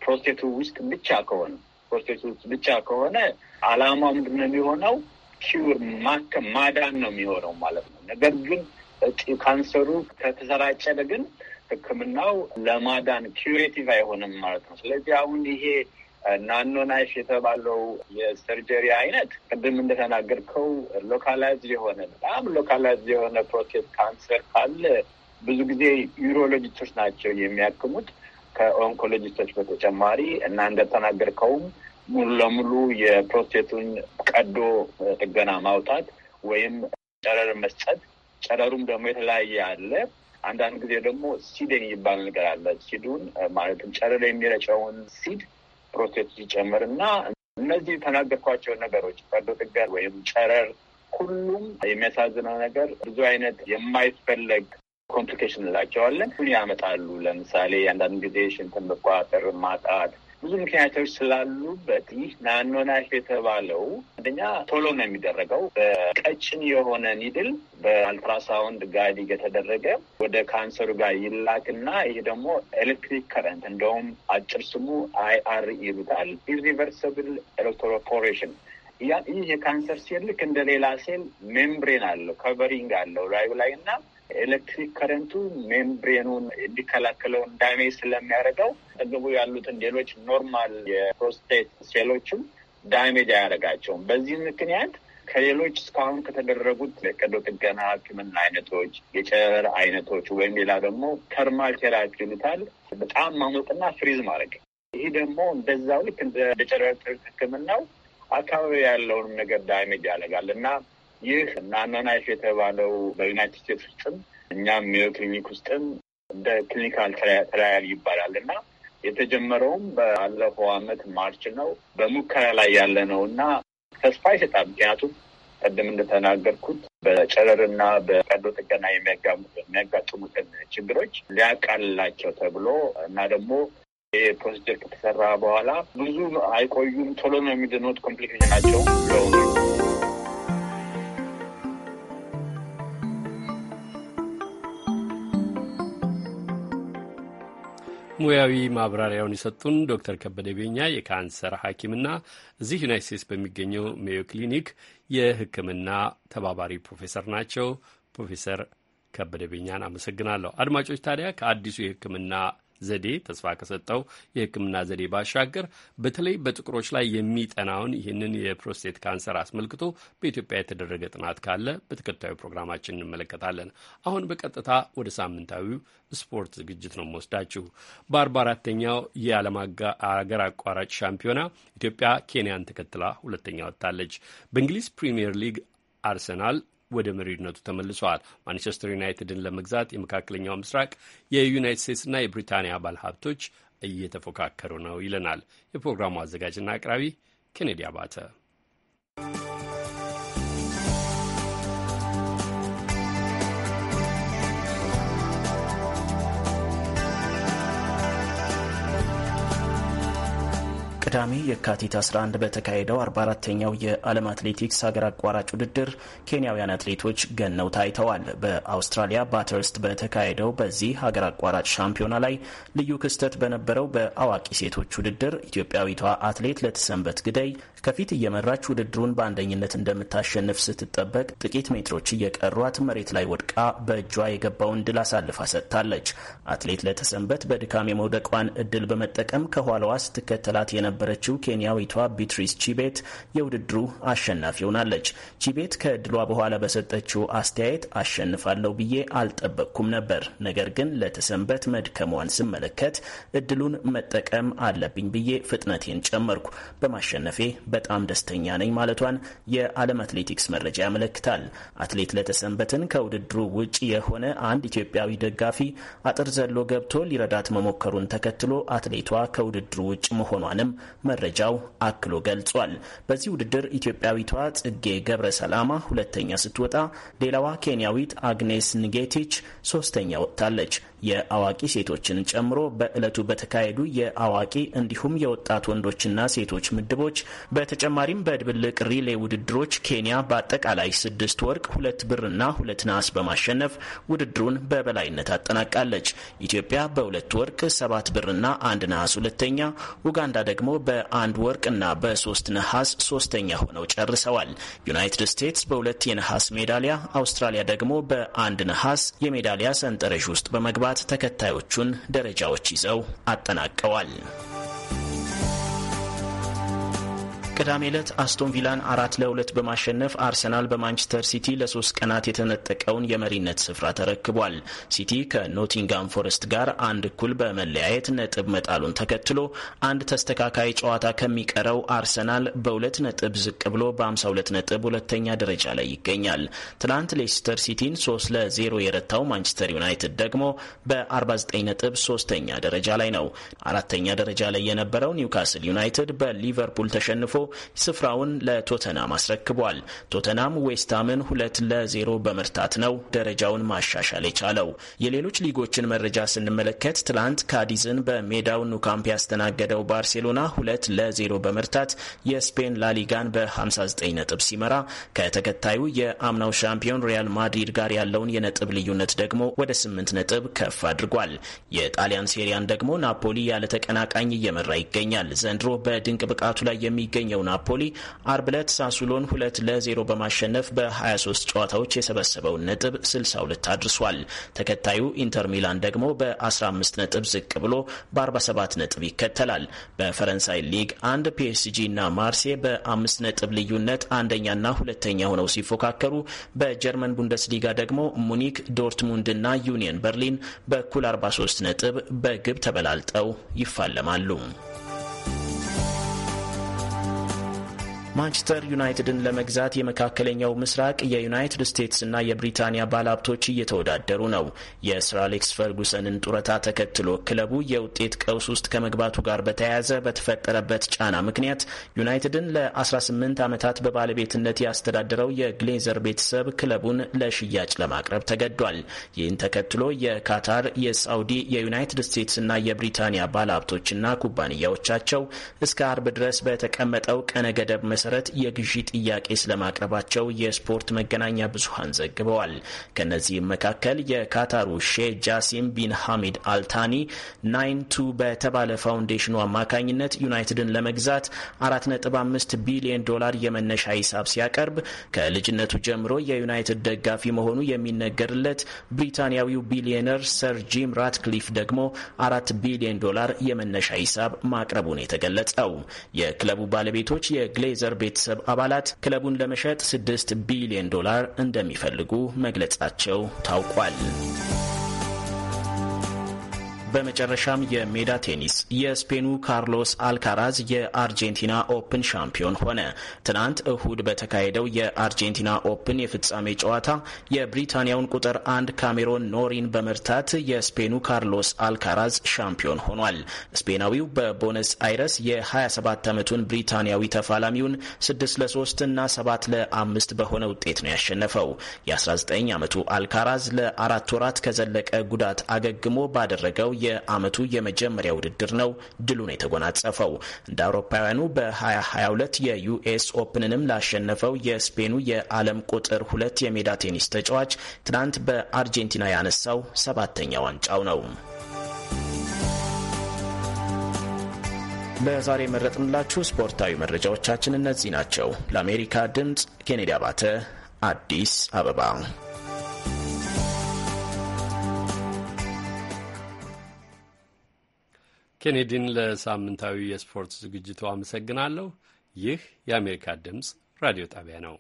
ፕሮስቴቱ ውስጥ ብቻ ከሆነ ፕሮስቴቱ ውስጥ ብቻ ከሆነ አላማው ምንድን ነው የሚሆነው? ኪውር ማከም ማዳን ነው የሚሆነው ማለት ነው። ነገር ግን ካንሰሩ ከተሰራጨ ግን ሕክምናው ለማዳን ኪውሬቲቭ አይሆንም ማለት ነው። ስለዚህ አሁን ይሄ ናኖ ናይፍ የተባለው የሰርጀሪ አይነት ቅድም እንደተናገርከው ሎካላይዝ የሆነ በጣም ሎካላይዝ የሆነ ፕሮስቴት ካንሰር ካለ ብዙ ጊዜ ዩሮሎጂስቶች ናቸው የሚያክሙት ከኦንኮሎጂስቶች በተጨማሪ እና እንደተናገርከውም ሙሉ ለሙሉ የፕሮስቴቱን ቀዶ ጥገና ማውጣት ወይም ጨረር መስጠት፣ ጨረሩም ደግሞ የተለያየ አለ። አንዳንድ ጊዜ ደግሞ ሲድ የሚባል ነገር አለ። ሲዱን ማለትም ጨረር የሚረጨውን ሲድ ፕሮሴስ ሲጨምር እና እነዚህ ተናገርኳቸው ነገሮች ቀዶ ጥገና ወይም ጨረር፣ ሁሉም የሚያሳዝነው ነገር ብዙ አይነት የማይፈለግ ኮምፕሊኬሽን እንላቸዋለን ያመጣሉ። ለምሳሌ አንዳንድ ጊዜ ሽንትን መቋጠር ማጣት ብዙ ምክንያቶች ስላሉበት ይህ ናኖናሽ የተባለው አንደኛ ቶሎ ነው የሚደረገው። በቀጭን የሆነ ኒድል በአልትራሳውንድ ጋይድ የተደረገ ወደ ካንሰሩ ጋር ይላክና ይህ ደግሞ ኤሌክትሪክ ከረንት እንደውም አጭር ስሙ አይአር ይሉታል፣ ኢሪቨርሰብል ኤሌክትሮፖሬሽን ያ ይህ የካንሰር ሴል ልክ እንደ ሌላ ሴል ሜምብሬን አለው ከቨሪንግ አለው ላዩ ላይ እና ኤሌክትሪክ ከረንቱ ሜምብሬኑን እንዲከላከለውን ዳሜ ስለሚያደርገው ጠገቡ ያሉትን ሌሎች ኖርማል የፕሮስቴት ሴሎችም ዳሜጅ አያደርጋቸውም። በዚህ ምክንያት ከሌሎች እስካሁን ከተደረጉት የቀዶ ጥገና ሕክምና አይነቶች የጨረር አይነቶች ወይም ሌላ ደግሞ ተርማል ቴራፒ ይሉታል በጣም ማሞቅና ፍሪዝ ማድረግ ይህ ደግሞ እንደዛው ልክ እንደ ጨረር ሕክምናው አካባቢ ያለውንም ነገር ዳሜጅ ያደርጋል እና ይህ ናናናይፍ የተባለው በዩናይትድ ስቴትስ ውስጥም እኛም ሜዮ ክሊኒክ ውስጥም እንደ ክሊኒካል ትራያል ይባላል እና የተጀመረውም ባለፈው አመት ማርች ነው። በሙከራ ላይ ያለ ነው እና ተስፋ ይሰጣል። ምክንያቱም ቀደም እንደተናገርኩት በጨረርና በቀዶ ጥገና የሚያጋጥሙትን ችግሮች ሊያቃልላቸው ተብሎ እና ደግሞ ይህ ፕሮሲጀር ከተሰራ በኋላ ብዙ አይቆዩም፣ ቶሎ ነው የሚድኑት ኮምፕሊኬሽናቸው ናቸው። ሙያዊ ማብራሪያውን የሰጡን ዶክተር ከበደ ቤኛ የካንሰር ሐኪምና እዚህ ዩናይት ስቴትስ በሚገኘው ሜዮ ክሊኒክ የሕክምና ተባባሪ ፕሮፌሰር ናቸው። ፕሮፌሰር ከበደ ቤኛን አመሰግናለሁ። አድማጮች ታዲያ ከአዲሱ የሕክምና ዘዴ ተስፋ ከሰጠው የሕክምና ዘዴ ባሻገር በተለይ በጥቁሮች ላይ የሚጠናውን ይህንን የፕሮስቴት ካንሰር አስመልክቶ በኢትዮጵያ የተደረገ ጥናት ካለ በተከታዩ ፕሮግራማችን እንመለከታለን። አሁን በቀጥታ ወደ ሳምንታዊው ስፖርት ዝግጅት ነው መወስዳችሁ። በአርባ አራተኛው የዓለም አገር አቋራጭ ሻምፒዮና ኢትዮጵያ ኬንያን ተከትላ ሁለተኛ ወጥታለች። በእንግሊዝ ፕሪምየር ሊግ አርሰናል ወደ መሪነቱ ተመልሰዋል። ማንቸስተር ዩናይትድን ለመግዛት የመካከለኛው ምስራቅ የዩናይትድ ስቴትስና የብሪታንያ ባለሀብቶች እየተፎካከሩ ነው ይለናል የፕሮግራሙ አዘጋጅና አቅራቢ ኬኔዲ አባተ። ቅዳሜ የካቲት 11 በተካሄደው 44ተኛው የዓለም አትሌቲክስ ሀገር አቋራጭ ውድድር ኬንያውያን አትሌቶች ገነው ታይተዋል። በአውስትራሊያ ባተርስት በተካሄደው በዚህ ሀገር አቋራጭ ሻምፒዮና ላይ ልዩ ክስተት በነበረው በአዋቂ ሴቶች ውድድር ኢትዮጵያዊቷ አትሌት ለተሰንበት ግደይ ከፊት እየመራች ውድድሩን በአንደኝነት እንደምታሸንፍ ስትጠበቅ ጥቂት ሜትሮች እየቀሯት መሬት ላይ ወድቃ በእጇ የገባውን ድል አሳልፋ ሰጥታለች። አትሌት ለተሰንበት በድካም የመውደቋን እድል በመጠቀም ከኋላዋ ስትከተላት የነበ የነበረችው ኬንያዊቷ ቢትሪስ ቺቤት የውድድሩ አሸናፊ ሆናለች። ቺቤት ከድሏ በኋላ በሰጠችው አስተያየት አሸንፋለሁ ብዬ አልጠበቅኩም ነበር፣ ነገር ግን ለተሰንበት መድከሟን ስመለከት እድሉን መጠቀም አለብኝ ብዬ ፍጥነቴን ጨመርኩ። በማሸነፌ በጣም ደስተኛ ነኝ ማለቷን የዓለም አትሌቲክስ መረጃ ያመለክታል። አትሌት ለተሰንበትን ከውድድሩ ውጭ የሆነ አንድ ኢትዮጵያዊ ደጋፊ አጥር ዘሎ ገብቶ ሊረዳት መሞከሩን ተከትሎ አትሌቷ ከውድድሩ ውጭ መሆኗንም መረጃው አክሎ ገልጿል። በዚህ ውድድር ኢትዮጵያዊቷ ጽጌ ገብረ ሰላማ ሁለተኛ ስትወጣ፣ ሌላዋ ኬንያዊት አግኔስ ንጌቲች ሶስተኛ ወጥታለች። የአዋቂ ሴቶችን ጨምሮ በዕለቱ በተካሄዱ የአዋቂ እንዲሁም የወጣት ወንዶችና ሴቶች ምድቦች በተጨማሪም በድብልቅ ሪሌ ውድድሮች ኬንያ በአጠቃላይ ስድስት ወርቅ፣ ሁለት ብርና ሁለት ነሐስ በማሸነፍ ውድድሩን በበላይነት አጠናቃለች። ኢትዮጵያ በሁለት ወርቅ፣ ሰባት ብርና አንድ ነሐስ ሁለተኛ፣ ኡጋንዳ ደግሞ በአንድ ወርቅና በሶስት ነሐስ ሶስተኛ ሆነው ጨርሰዋል። ዩናይትድ ስቴትስ በሁለት የነሐስ ሜዳሊያ፣ አውስትራሊያ ደግሞ በአንድ ነሐስ የሜዳሊያ ሰንጠረዥ ውስጥ በመግባት ተከታዮቹን ደረጃዎች ይዘው አጠናቀዋል። ቅዳሜ ዕለት አስቶን ቪላን አራት ለሁለት በማሸነፍ አርሰናል በማንቸስተር ሲቲ ለሶስት ቀናት የተነጠቀውን የመሪነት ስፍራ ተረክቧል። ሲቲ ከኖቲንጋም ፎረስት ጋር አንድ እኩል በመለያየት ነጥብ መጣሉን ተከትሎ አንድ ተስተካካይ ጨዋታ ከሚቀረው አርሰናል በሁለት ነጥብ ዝቅ ብሎ በ52 ነጥብ ሁለተኛ ደረጃ ላይ ይገኛል። ትናንት ሌስተር ሲቲን 3 ለ0 የረታው ማንቸስተር ዩናይትድ ደግሞ በ49 ነጥብ ሶስተኛ ደረጃ ላይ ነው። አራተኛ ደረጃ ላይ የነበረው ኒውካስል ዩናይትድ በሊቨርፑል ተሸንፎ ስፍራውን ለቶተናም አስረክቧል። ቶተናም ዌስትሃምን ሁለት ለዜሮ በመርታት ነው ደረጃውን ማሻሻል የቻለው። የሌሎች ሊጎችን መረጃ ስንመለከት ትላንት ካዲዝን በሜዳው ኑካምፕ ያስተናገደው ባርሴሎና ሁለት ለዜሮ በመርታት የስፔን ላሊጋን በ59 ነጥብ ሲመራ ከተከታዩ የአምናው ሻምፒዮን ሪያል ማድሪድ ጋር ያለውን የነጥብ ልዩነት ደግሞ ወደ 8 ነጥብ ከፍ አድርጓል። የጣሊያን ሴሪያን ደግሞ ናፖሊ ያለ ተቀናቃኝ እየመራ ይገኛል። ዘንድሮ በድንቅ ብቃቱ ላይ የሚገኘው የተገኘው ናፖሊ አርብ ዕለት ሳሱሎን ሁለት ለዜሮ በማሸነፍ በ23 ጨዋታዎች የሰበሰበውን ነጥብ 62 አድርሷል። ተከታዩ ኢንተር ሚላን ደግሞ በ15 ነጥብ ዝቅ ብሎ በ47 ነጥብ ይከተላል። በፈረንሳይ ሊግ አንድ ፒኤስጂ እና ማርሴ በአምስት ነጥብ ልዩነት አንደኛና ሁለተኛ ሆነው ሲፎካከሩ በጀርመን ቡንደስሊጋ ደግሞ ሙኒክ፣ ዶርትሙንድ እና ዩኒየን በርሊን በኩል 43 ነጥብ በግብ ተበላልጠው ይፋለማሉ። ማንቸስተር ዩናይትድን ለመግዛት የመካከለኛው ምስራቅ የዩናይትድ ስቴትስ ና የብሪታንያ ባለሀብቶች እየተወዳደሩ ነው። የሰር አሌክስ ፈርጉሰንን ጡረታ ተከትሎ ክለቡ የውጤት ቀውስ ውስጥ ከመግባቱ ጋር በተያያዘ በተፈጠረበት ጫና ምክንያት ዩናይትድን ለ18 ዓመታት በባለቤትነት ያስተዳደረው የግሌዘር ቤተሰብ ክለቡን ለሽያጭ ለማቅረብ ተገዷል። ይህን ተከትሎ የካታር፣ የሳውዲ፣ የዩናይትድ ስቴትስና የብሪታንያ ባለሀብቶችና ኩባንያዎቻቸው እስከ አርብ ድረስ በተቀመጠው ቀነ ገደብ መሰ መሰረት የግዢ ጥያቄ ስለማቅረባቸው የስፖርት መገናኛ ብዙሃን ዘግበዋል። ከእነዚህም መካከል የካታሩ ሼህ ጃሲም ቢን ሐሚድ አልታኒ ናይንቱ በተባለ ፋውንዴሽኑ አማካኝነት ዩናይትድን ለመግዛት 4.5 ቢሊዮን ዶላር የመነሻ ሂሳብ ሲያቀርብ ከልጅነቱ ጀምሮ የዩናይትድ ደጋፊ መሆኑ የሚነገርለት ብሪታንያዊው ቢሊዮነር ሰር ጂም ራትክሊፍ ደግሞ አራት ቢሊዮን ዶላር የመነሻ ሂሳብ ማቅረቡን የተገለጸው የክለቡ ባለቤቶች የግሌዘር ቤተሰብ አባላት ክለቡን ለመሸጥ 6 ቢሊዮን ዶላር እንደሚፈልጉ መግለጻቸው ታውቋል። በመጨረሻም የሜዳ ቴኒስ የስፔኑ ካርሎስ አልካራዝ የአርጀንቲና ኦፕን ሻምፒዮን ሆነ። ትናንት እሁድ በተካሄደው የአርጀንቲና ኦፕን የፍጻሜ ጨዋታ የብሪታንያውን ቁጥር አንድ ካሜሮን ኖሪን በመርታት የስፔኑ ካርሎስ አልካራዝ ሻምፒዮን ሆኗል። ስፔናዊው በቦነስ አይረስ የ27 ዓመቱን ብሪታንያዊ ተፋላሚውን 6 ለ3 እና 7 ለ5 በሆነ ውጤት ነው ያሸነፈው። የ19 ዓመቱ አልካራዝ ለአራት ወራት ከዘለቀ ጉዳት አገግሞ ባደረገው የአመቱ የመጀመሪያ ውድድር ነው ድሉን የተጎናጸፈው። እንደ አውሮፓውያኑ በ2022 የዩኤስ ኦፕንንም ላሸነፈው የስፔኑ የዓለም ቁጥር ሁለት የሜዳ ቴኒስ ተጫዋች ትናንት በአርጀንቲና ያነሳው ሰባተኛ ዋንጫው ነው። ለዛሬ የመረጥንላችሁ ስፖርታዊ መረጃዎቻችን እነዚህ ናቸው። ለአሜሪካ ድምፅ ኬኔዲ አባተ አዲስ አበባ ኬኔዲን ለሳምንታዊ የስፖርት ዝግጅቱ አመሰግናለሁ። ይህ የአሜሪካ ድምፅ ራዲዮ ጣቢያ ነው።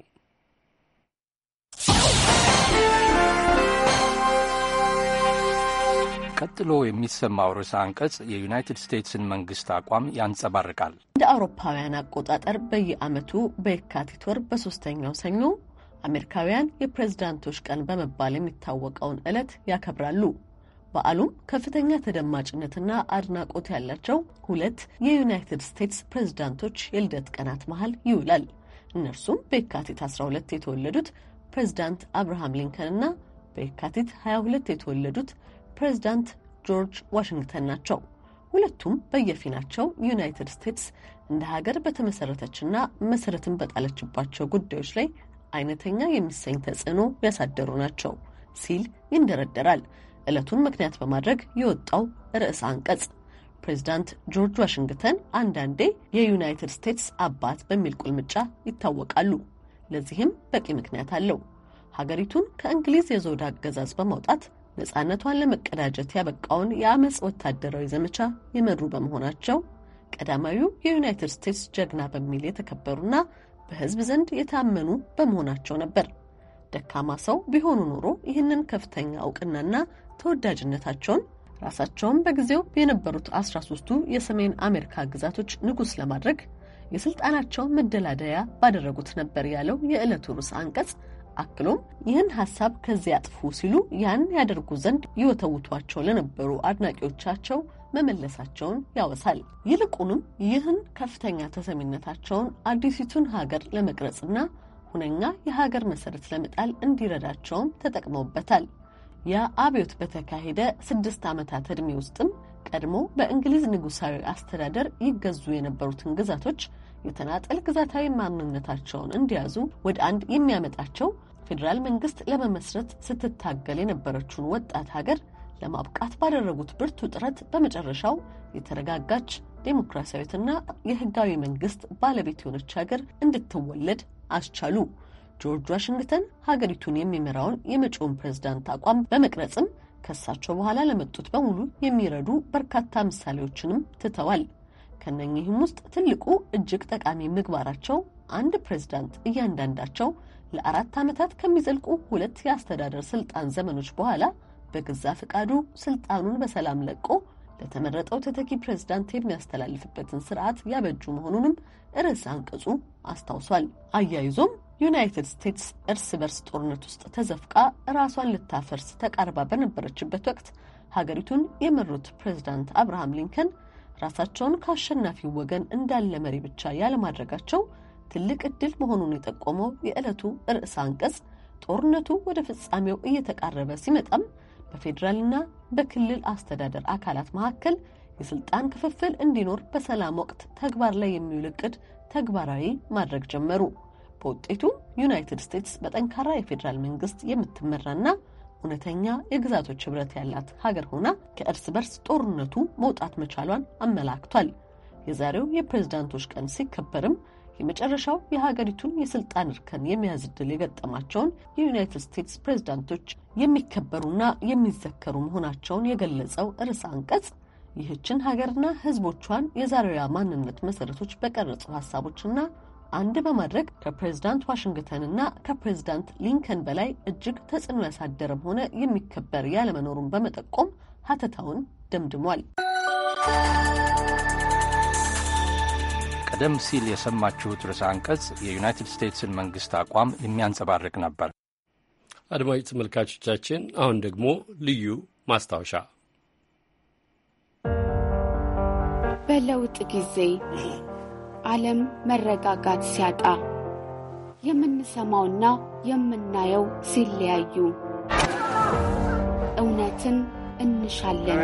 ቀጥሎ የሚሰማው ርዕሰ አንቀጽ የዩናይትድ ስቴትስን መንግስት አቋም ያንጸባርቃል። እንደ አውሮፓውያን አቆጣጠር በየዓመቱ በየካቲት ወር በሶስተኛው ሰኞ አሜሪካውያን የፕሬዝዳንቶች ቀን በመባል የሚታወቀውን ዕለት ያከብራሉ። በዓሉም ከፍተኛ ተደማጭነትና አድናቆት ያላቸው ሁለት የዩናይትድ ስቴትስ ፕሬዝዳንቶች የልደት ቀናት መሃል ይውላል። እነርሱም በየካቲት 12 የተወለዱት ፕሬዝዳንት አብርሃም ሊንከን እና በየካቲት 22 የተወለዱት ፕሬዝዳንት ጆርጅ ዋሽንግተን ናቸው። ሁለቱም በየፊናቸው ዩናይትድ ስቴትስ እንደ ሀገር በተመሰረተችና መሰረትን በጣለችባቸው ጉዳዮች ላይ አይነተኛ የሚሰኝ ተጽዕኖ ያሳደሩ ናቸው ሲል ይንደረደራል። ዕለቱን ምክንያት በማድረግ የወጣው ርዕሰ አንቀጽ ፕሬዚዳንት ጆርጅ ዋሽንግተን አንዳንዴ የዩናይትድ ስቴትስ አባት በሚል ቁልምጫ ይታወቃሉ። ለዚህም በቂ ምክንያት አለው። ሀገሪቱን ከእንግሊዝ የዘውድ አገዛዝ በማውጣት ነፃነቷን ለመቀዳጀት ያበቃውን የአመፅ ወታደራዊ ዘመቻ የመሩ በመሆናቸው ቀዳማዊው የዩናይትድ ስቴትስ ጀግና በሚል የተከበሩና በሕዝብ ዘንድ የታመኑ በመሆናቸው ነበር። ደካማ ሰው ቢሆኑ ኖሮ ይህንን ከፍተኛ እውቅናና ተወዳጅነታቸውን ራሳቸውን በጊዜው የነበሩት አስራ ሶስቱ የሰሜን አሜሪካ ግዛቶች ንጉሥ ለማድረግ የሥልጣናቸው መደላደያ ባደረጉት ነበር ያለው የዕለቱ ሩስ አንቀጽ አክሎም ይህን ሀሳብ ከዚያ ያጥፉ ሲሉ ያን ያደርጉ ዘንድ ይወተውቷቸው ለነበሩ አድናቂዎቻቸው መመለሳቸውን ያወሳል። ይልቁንም ይህን ከፍተኛ ተሰሚነታቸውን አዲሲቱን ሀገር ለመቅረጽና ሁነኛ የሀገር መሰረት ለመጣል እንዲረዳቸውም ተጠቅመውበታል። ያ አብዮት በተካሄደ ስድስት ዓመታት ዕድሜ ውስጥም ቀድሞ በእንግሊዝ ንጉሳዊ አስተዳደር ይገዙ የነበሩትን ግዛቶች የተናጠል ግዛታዊ ማንነታቸውን እንዲያዙ ወደ አንድ የሚያመጣቸው ፌዴራል መንግስት ለመመስረት ስትታገል የነበረችውን ወጣት ሀገር ለማብቃት ባደረጉት ብርቱ ጥረት በመጨረሻው የተረጋጋች ዴሞክራሲያዊትና የህጋዊ መንግስት ባለቤት የሆነች ሀገር እንድትወለድ አስቻሉ። ጆርጅ ዋሽንግተን ሀገሪቱን የሚመራውን የመጪውን ፕሬዝዳንት አቋም በመቅረጽም ከሳቸው በኋላ ለመጡት በሙሉ የሚረዱ በርካታ ምሳሌዎችንም ትተዋል። ከነኚህም ውስጥ ትልቁ እጅግ ጠቃሚ ምግባራቸው አንድ ፕሬዝዳንት እያንዳንዳቸው ለአራት ዓመታት ከሚዘልቁ ሁለት የአስተዳደር ስልጣን ዘመኖች በኋላ በገዛ ፈቃዱ ስልጣኑን በሰላም ለቆ ለተመረጠው ተተኪ ፕሬዝዳንት የሚያስተላልፍበትን ስርዓት ያበጁ መሆኑንም ርዕስ አንቀጹ አስታውሷል። አያይዞም ዩናይትድ ስቴትስ እርስ በርስ ጦርነት ውስጥ ተዘፍቃ ራሷን ልታፈርስ ተቃርባ በነበረችበት ወቅት ሀገሪቱን የመሩት ፕሬዝዳንት አብርሃም ሊንከን ራሳቸውን ከአሸናፊው ወገን እንዳለ መሪ ብቻ ያለማድረጋቸው ትልቅ እድል መሆኑን የጠቆመው የዕለቱ ርዕሰ አንቀጽ ጦርነቱ ወደ ፍጻሜው እየተቃረበ ሲመጣም በፌዴራልና በክልል አስተዳደር አካላት መካከል የስልጣን ክፍፍል እንዲኖር በሰላም ወቅት ተግባር ላይ የሚውል እቅድ ተግባራዊ ማድረግ ጀመሩ። በውጤቱ ዩናይትድ ስቴትስ በጠንካራ የፌዴራል መንግስት የምትመራና እውነተኛ የግዛቶች ህብረት ያላት ሀገር ሆና ከእርስ በርስ ጦርነቱ መውጣት መቻሏን አመላክቷል። የዛሬው የፕሬዝዳንቶች ቀን ሲከበርም የመጨረሻው የሀገሪቱን የስልጣን እርከን የመያዝ የገጠማቸውን የዩናይትድ ስቴትስ ፕሬዝዳንቶች የሚከበሩና የሚዘከሩ መሆናቸውን የገለጸው ርዕሰ አንቀጽ ይህችን ሀገርና ሕዝቦቿን የዛሬዋ ማንነት መሰረቶች በቀረጹ ሀሳቦችና አንድ በማድረግ ከፕሬዝዳንት ዋሽንግተንና ከፕሬዝዳንት ሊንከን በላይ እጅግ ተጽዕኖ ያሳደረም ሆነ የሚከበር ያለመኖሩን በመጠቆም ሀተታውን ደምድሟል። ቀደም ሲል የሰማችሁት ርዕሰ አንቀጽ የዩናይትድ ስቴትስን መንግስት አቋም የሚያንጸባርቅ ነበር። አድማጭ ተመልካቾቻችን፣ አሁን ደግሞ ልዩ ማስታወሻ። በለውጥ ጊዜ ዓለም መረጋጋት ሲያጣ የምንሰማውና የምናየው ሲለያዩ እውነትን እንሻለን።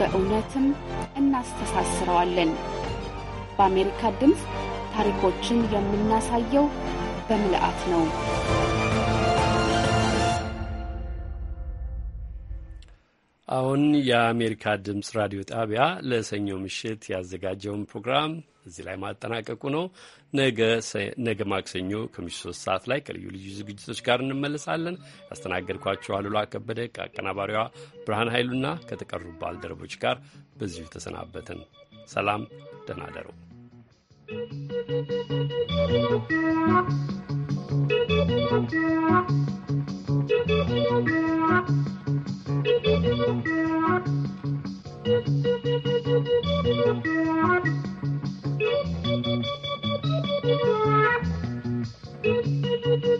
በእውነትም እናስተሳስረዋለን። በአሜሪካ ድምፅ ታሪኮችን የምናሳየው በምልአት ነው። አሁን የአሜሪካ ድምፅ ራዲዮ ጣቢያ ለሰኞ ምሽት ያዘጋጀውን ፕሮግራም እዚህ ላይ ማጠናቀቁ ነው። ነገ ማክሰኞ ከምሽቱ ሶስት ሰዓት ላይ ከልዩ ልዩ ዝግጅቶች ጋር እንመለሳለን። ያስተናገድኳቸው አሉላ ከበደ ከአቀናባሪዋ ብርሃን ኃይሉና ከተቀሩ ባልደረቦች ጋር በዚሁ ተሰናበትን። ሰላም፣ ደህና ደሩ።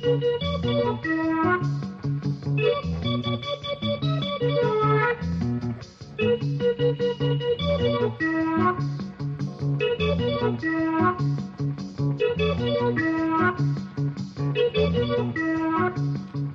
Thank you.